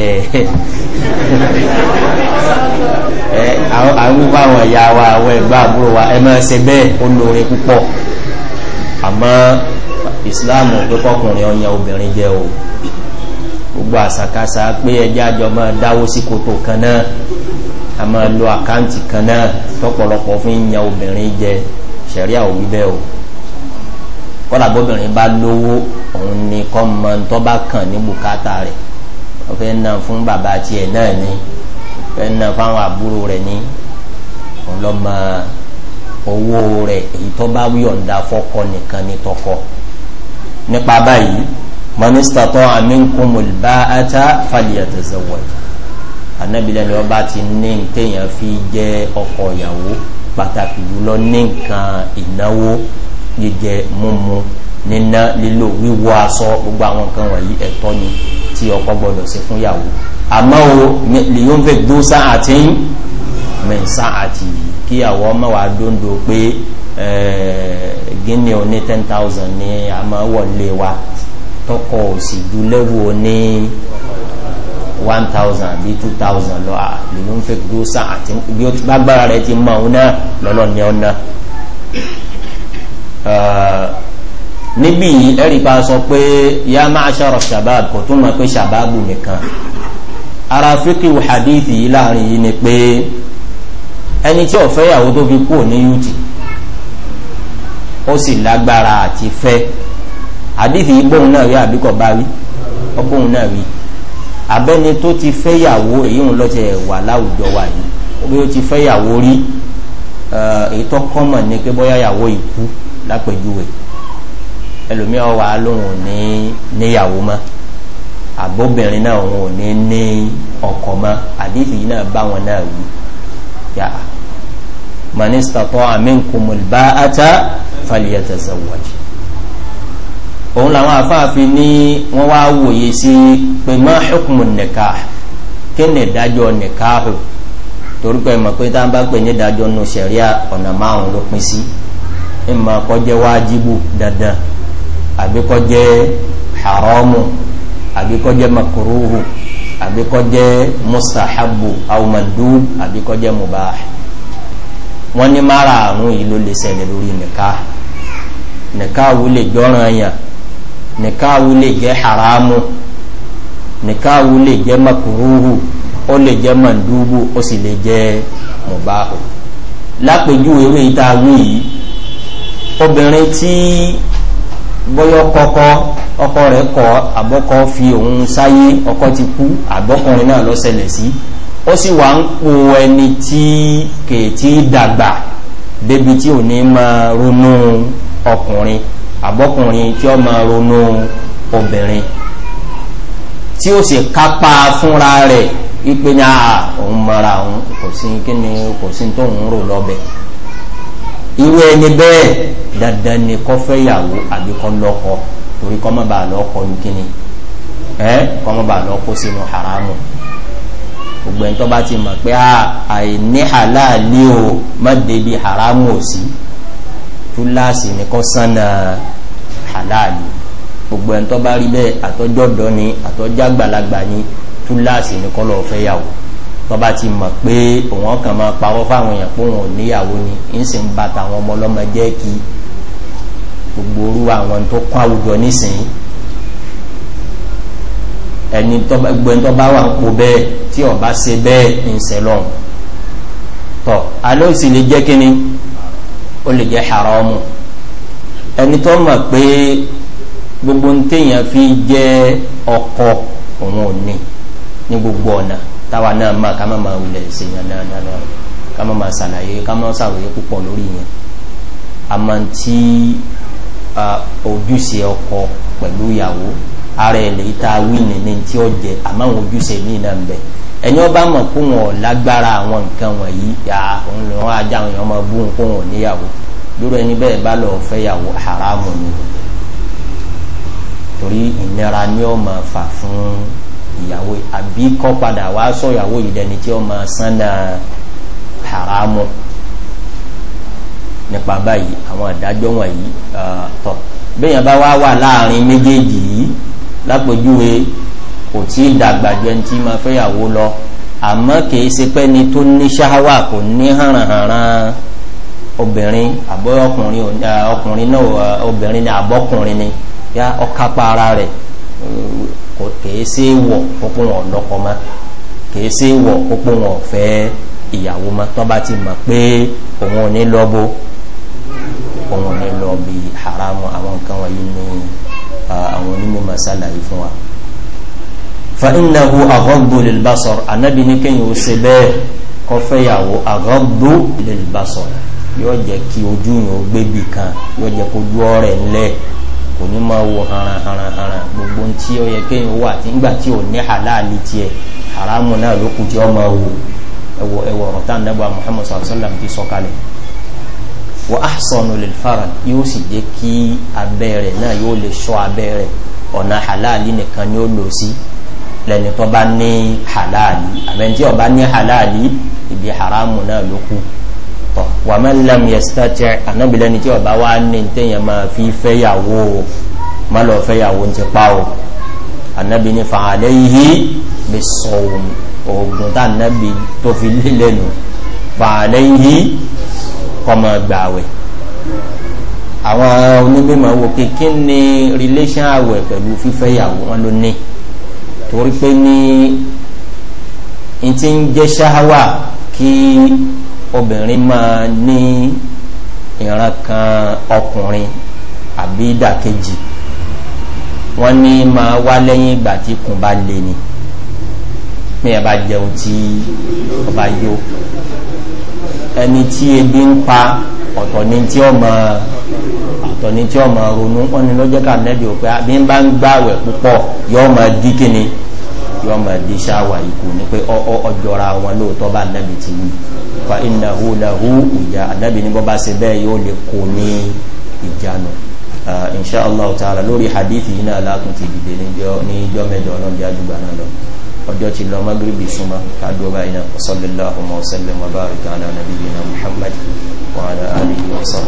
ẹ àwọn báwọn ẹ̀yà wa àwọn ẹ̀gbọ́n àbúrò wa ẹ máa ṣe bẹ́ẹ̀ ó lóore púpọ̀ àmọ́ ìsìláàmù pé kọkùnrin ọ̀yàn obìnrin jẹ́ o gbogbo àsàkásà pé ẹjẹ́ àjọ máa dáwó sí kòtò kan náà a máa lo àkáǹtì kan náà tọ́pọ̀lọpọ̀ fún ìyàn obìnrin jẹ ṣẹ̀rí àwọn wíbẹ̀ o kọ́lá bóbìnrin bá lówó òun ni kọ́ mọ tó bá kàn ní bùkátà rẹ̀ wọ́n fẹ́ nà fún bàbá tiẹ̀ náà ni fẹ́ nà fáwọn àbúrò rẹ̀ ni òun lọ́ mọ owó rẹ̀ èyí tó bá yọ̀ǹda fọ́kọ nìkan ni tọkọ nípa báyìí man istata'a minkumul ba'ata falyatazawwaj anabila ni ọba ti ní téèyàn fi jẹ ọkọ ìyàwó pàtàkì jùlọ ní nǹkan ìnáwó jíjẹ mímu níná lílo wíwọ aṣọ gbogbo àwọn nǹkan wọ̀nyí ẹ̀tọ́ ni tí ọkọ gbọdọ̀ ṣe fún ìyàwó àmọ́ o lèyún fẹ́ dó sáàtì mẹ́sàn àti kíyàwó ọmọ wa dóńdó pé eh, gíní o ten thousand ní àmọ́ wọlé wa tọkọ òsì ju lẹ́wù ní one thousand àbí two thousand lọ àbínú fẹ́ dúró sáà àti bí ó ti gbàgbára rẹ̀ ti mọ òun náà lọ́lọ́ ní ọ̀nà. níbí ẹ̀rí pa sọ pé yá máa ṣọ̀rọ̀ shabab kò tún mọ̀ pé shababu nìkan ara fíkìwù hadith yìí láàrin yìí ni pé ẹni tí ò fẹ́yàwó tó fi kú ní yúti ó sì lágbára àti fẹ́ àdìsí bóun náà rí àbíkọ̀ bá rí ọbóun náà rí abẹ́ni tó ti fẹ́yàwó èyí ń lọ́tẹ̀ wà láwùjọ wa yìí bí ó ti fẹ́yàwó rí eh, èyí tó kọ́mọ̀ ni pé bóyá yàwó ìkú lápèjúwe ẹlòmíà wà á lóun ò ní níyàwó mọ́ àbóbìnrin náà òun ò ní ní ọkọ mọ́ àdìsí yìí náà bá wọn náà wí yà mọ̀nísítà tó àmì nkùmùlbá ata fàlìyàtẹ̀sẹ̀ wọ̀jì òun làwọn afáàfin ní wọ́n wá wòye sí pé má xukumu nìka kí ni ìdájọ́ nìka hù torí pé mọ̀ pé táwọn bá pè ní ìdájọ́ nù sẹ̀ríà ọ̀nà márùn ló pín sí ìmọ̀ kọjẹ́ wájibù dandan àbí kọjẹ́ haramu àbí kọjẹ́ makuruhu àbí kọjẹ́ mustahabu awumandu àbí kọjẹ́ mubah wọ́n ní márààrún yìí ló lè sẹ̀lẹ̀ lórí nìka nìka wo lè jọ́ràn yàn nìkáwù lè jẹ́ haramu nìkáwù lè jẹ́ makuruhu ó lè jẹ́ mandubu ó sì lè jẹ́ mubahu lápèjúwe ìwé ìta wí yìí obìnrin tí bọ́yọ́ kọ́kọ́ ọkọ rẹ̀ kọ́ àbọ́kọ́ fi òun sáyé ọkọ ti kú àbọ́kùnrin náà lọ sí ó sì wà ń po ẹni tí kèétí dàgbà débi tí ò máa ronú ọkùnrin àbọ́kùnrin tí ó máa ronú obìnrin tí ó sì kápá fúnra rẹ̀ wípé ní a òun mara òun kò sí kíni kò sí tóun rò lọ́bẹ̀ irú ẹni bẹ́ẹ̀ dandan ni kọ́ fẹ́yàwó àbí kọ́ lọ́kọ torí kọ́ mọ́ bá lọ́kọ ní kíni ẹ́ kọ́ mọ́ bá lọ́kọ sínú haramu gbogbo ẹni tó bá ti mọ̀ pé àìní halali o má débi haramu ò sí túláàsì ni kọ́ sánà halali gbogbo ẹni tó bá rí bẹ́ẹ̀ àtọ́jọ́dọ́ ni àtọ́jágbàlagbà ni túláàsì ni kọ́lọ́ fẹ́ yàwó tọ́ba ti mọ̀ pé òun kàn máa parọ́ fáwọn èèyàn pé òun ò níyàwó ni ń sì ń ba tàwọn ọmọ ọlọ́mọ jẹ́ kí gbogbo orú àwọn tó kọ́ àwùjọ nísìnyí ẹni gbogbo ẹni tọ́ba wà ń po bẹ́ẹ̀ tí ọba ṣe bẹ́ẹ̀ ń ṣe lọ́hùn tọ́ alóòsì lè jẹ́ kínní ó lè jẹ́ haramu. ẹni tó mọ̀ pé gbogbo ń fi jẹ́ ọkọ òun ò ní ọna gbogbo ọ̀nà táwa náà máa ká má máa wulẹ̀ ṣèyàn náà náà náà ká má máa ṣàlàyé ká má ṣàròyé púpọ̀ lórí yẹn àmọ́ tí ọkọ pẹ̀lú ìyàwó ara ẹ̀ lè ta wíìnì ní tí ó àmọ́ àwọn ojúṣe míì náà ń bẹ ẹni ọba mọ̀ wọn lágbára ajá òun bú òun kó wọn níyàwó dúró ẹni bẹ́ẹ̀ bá lọ fẹ́yàwó haramu ni torí ìnira ni ó máa fà fún ìyàwó àbí kọ́ padà wá sọ ìyàwó yìí dẹni tí ó máa sánà haramu nípa báyìí àwọn àdájọ́ wọ̀nyí tọ̀ bẹ́ẹ̀ yẹn bá wá wà láàrin méjèèjì yìí lápèjúwe kò tí ì dàgbà ju ẹni tí máa fẹ́yàwó lọ àmọ́ kì ṣe pẹ́ni tó ní ṣáwà kò ní hànrànhànràn obìnrin àbọ̀ ọkùnrin ọkùnrin náà obìnrin ni àbọ̀kùnrin ni yá ọkápá ara rẹ̀ kò kèé sí wọ̀ pópó wọn lọ́kọ̀ mọ́ kèé sí wọ̀ pópó wọn fẹ́ ìyàwó mọ́ tó bá ti mọ̀ pé òun ò ní lọ́bó òun ò ní lọ bí haramu àwọn nǹkan wọ̀nyí ní àwọn onímọ̀ masálàyé fún wa fa'innahu aghaddu lil basar anabi ni kenyo sebe ko feyawo aghaddu lil basar yóò jẹ́ kí ojú yìí ó gbébì kan yóò jẹ́ kó ojú ọ̀rẹ́ ńlẹ̀ kò ní máa wo haran haran haran gbogbo ntí ó yẹ kéèyàn wà tí ńgbà tí ò ní halali tiẹ̀ haramu náà ló kù tí ó máa wò ẹwọ ẹwọ ọ̀rọ̀ tá nàbà muhammad sallallahu alayhi wa sallam ti sọ kalẹ̀ ahsanu lè fara yóò sì jẹ́ kí abẹ́rẹ́ náà yóò lè sọ abẹ́rẹ́ ọ̀nà halali nìkan ni lò sí lẹ́ni tó bá ní halali àbẹ̀ntí ọba ní halali ibi haramu náà ló kù tọ̀ wà man lam yastati' ànábìlẹ́ni tí ọba wa ní téèyàn máa fi fẹ́yàwó má lọ fẹ́yàwó ń ti pa o ànábì ní fa alayhi bisawm oògùn tá ànábì tó fi lílẹ̀ nù fa alayhi kọ́mọ gbàwẹ̀ àwọn onímọ̀ wo kékin ní relation àwẹ̀ pẹ̀lú fífẹ́yàwó wọn ló ní torí pé ní n ń jẹ́ ṣáháwà kí obìnrin máa ní ìran kan ọkùnrin àbí ìdàkejì wọ́n ní máa wá lẹ́yìn ìgbà tí kùn bá lè ní pé ẹ bá jẹun tí ọba yó ẹni tí ebi ń pa ọ̀tọ̀ ni tí ọmọ ọ̀tọ̀ ni tí ọmọ ronú wọn ni lọ́jọ́ ká nẹ́bí òpẹ́ àbí ń bá ń gbàwẹ̀ púpọ̀ yọ ọmọ dí kíni yọ ọmọ dí ṣáwà ikú ni pé ọjọ́ra wọn lóòótọ́ bá nẹ́bí ti wí fa iná hu lahu ìjà ànábì ní bọ́bá ṣe bẹ́ẹ̀ yóò lè kó ní ìjánu ah, insha allah ta'ala lórí hadith yìí náà lákùn ti dìde ní ijọ́ mẹ́jọ ọlọ́dẹ àdúgbà náà lọ ọjọ́ ti lọ magrebi súnmọ́ káàdùn báyìí náà sọlẹ́láhùn mọ́ sẹ́lẹ̀ mọ́ bá rí kàlà nàbí yìí náà muhammad wàhálà àlè yìí wọ́n sọ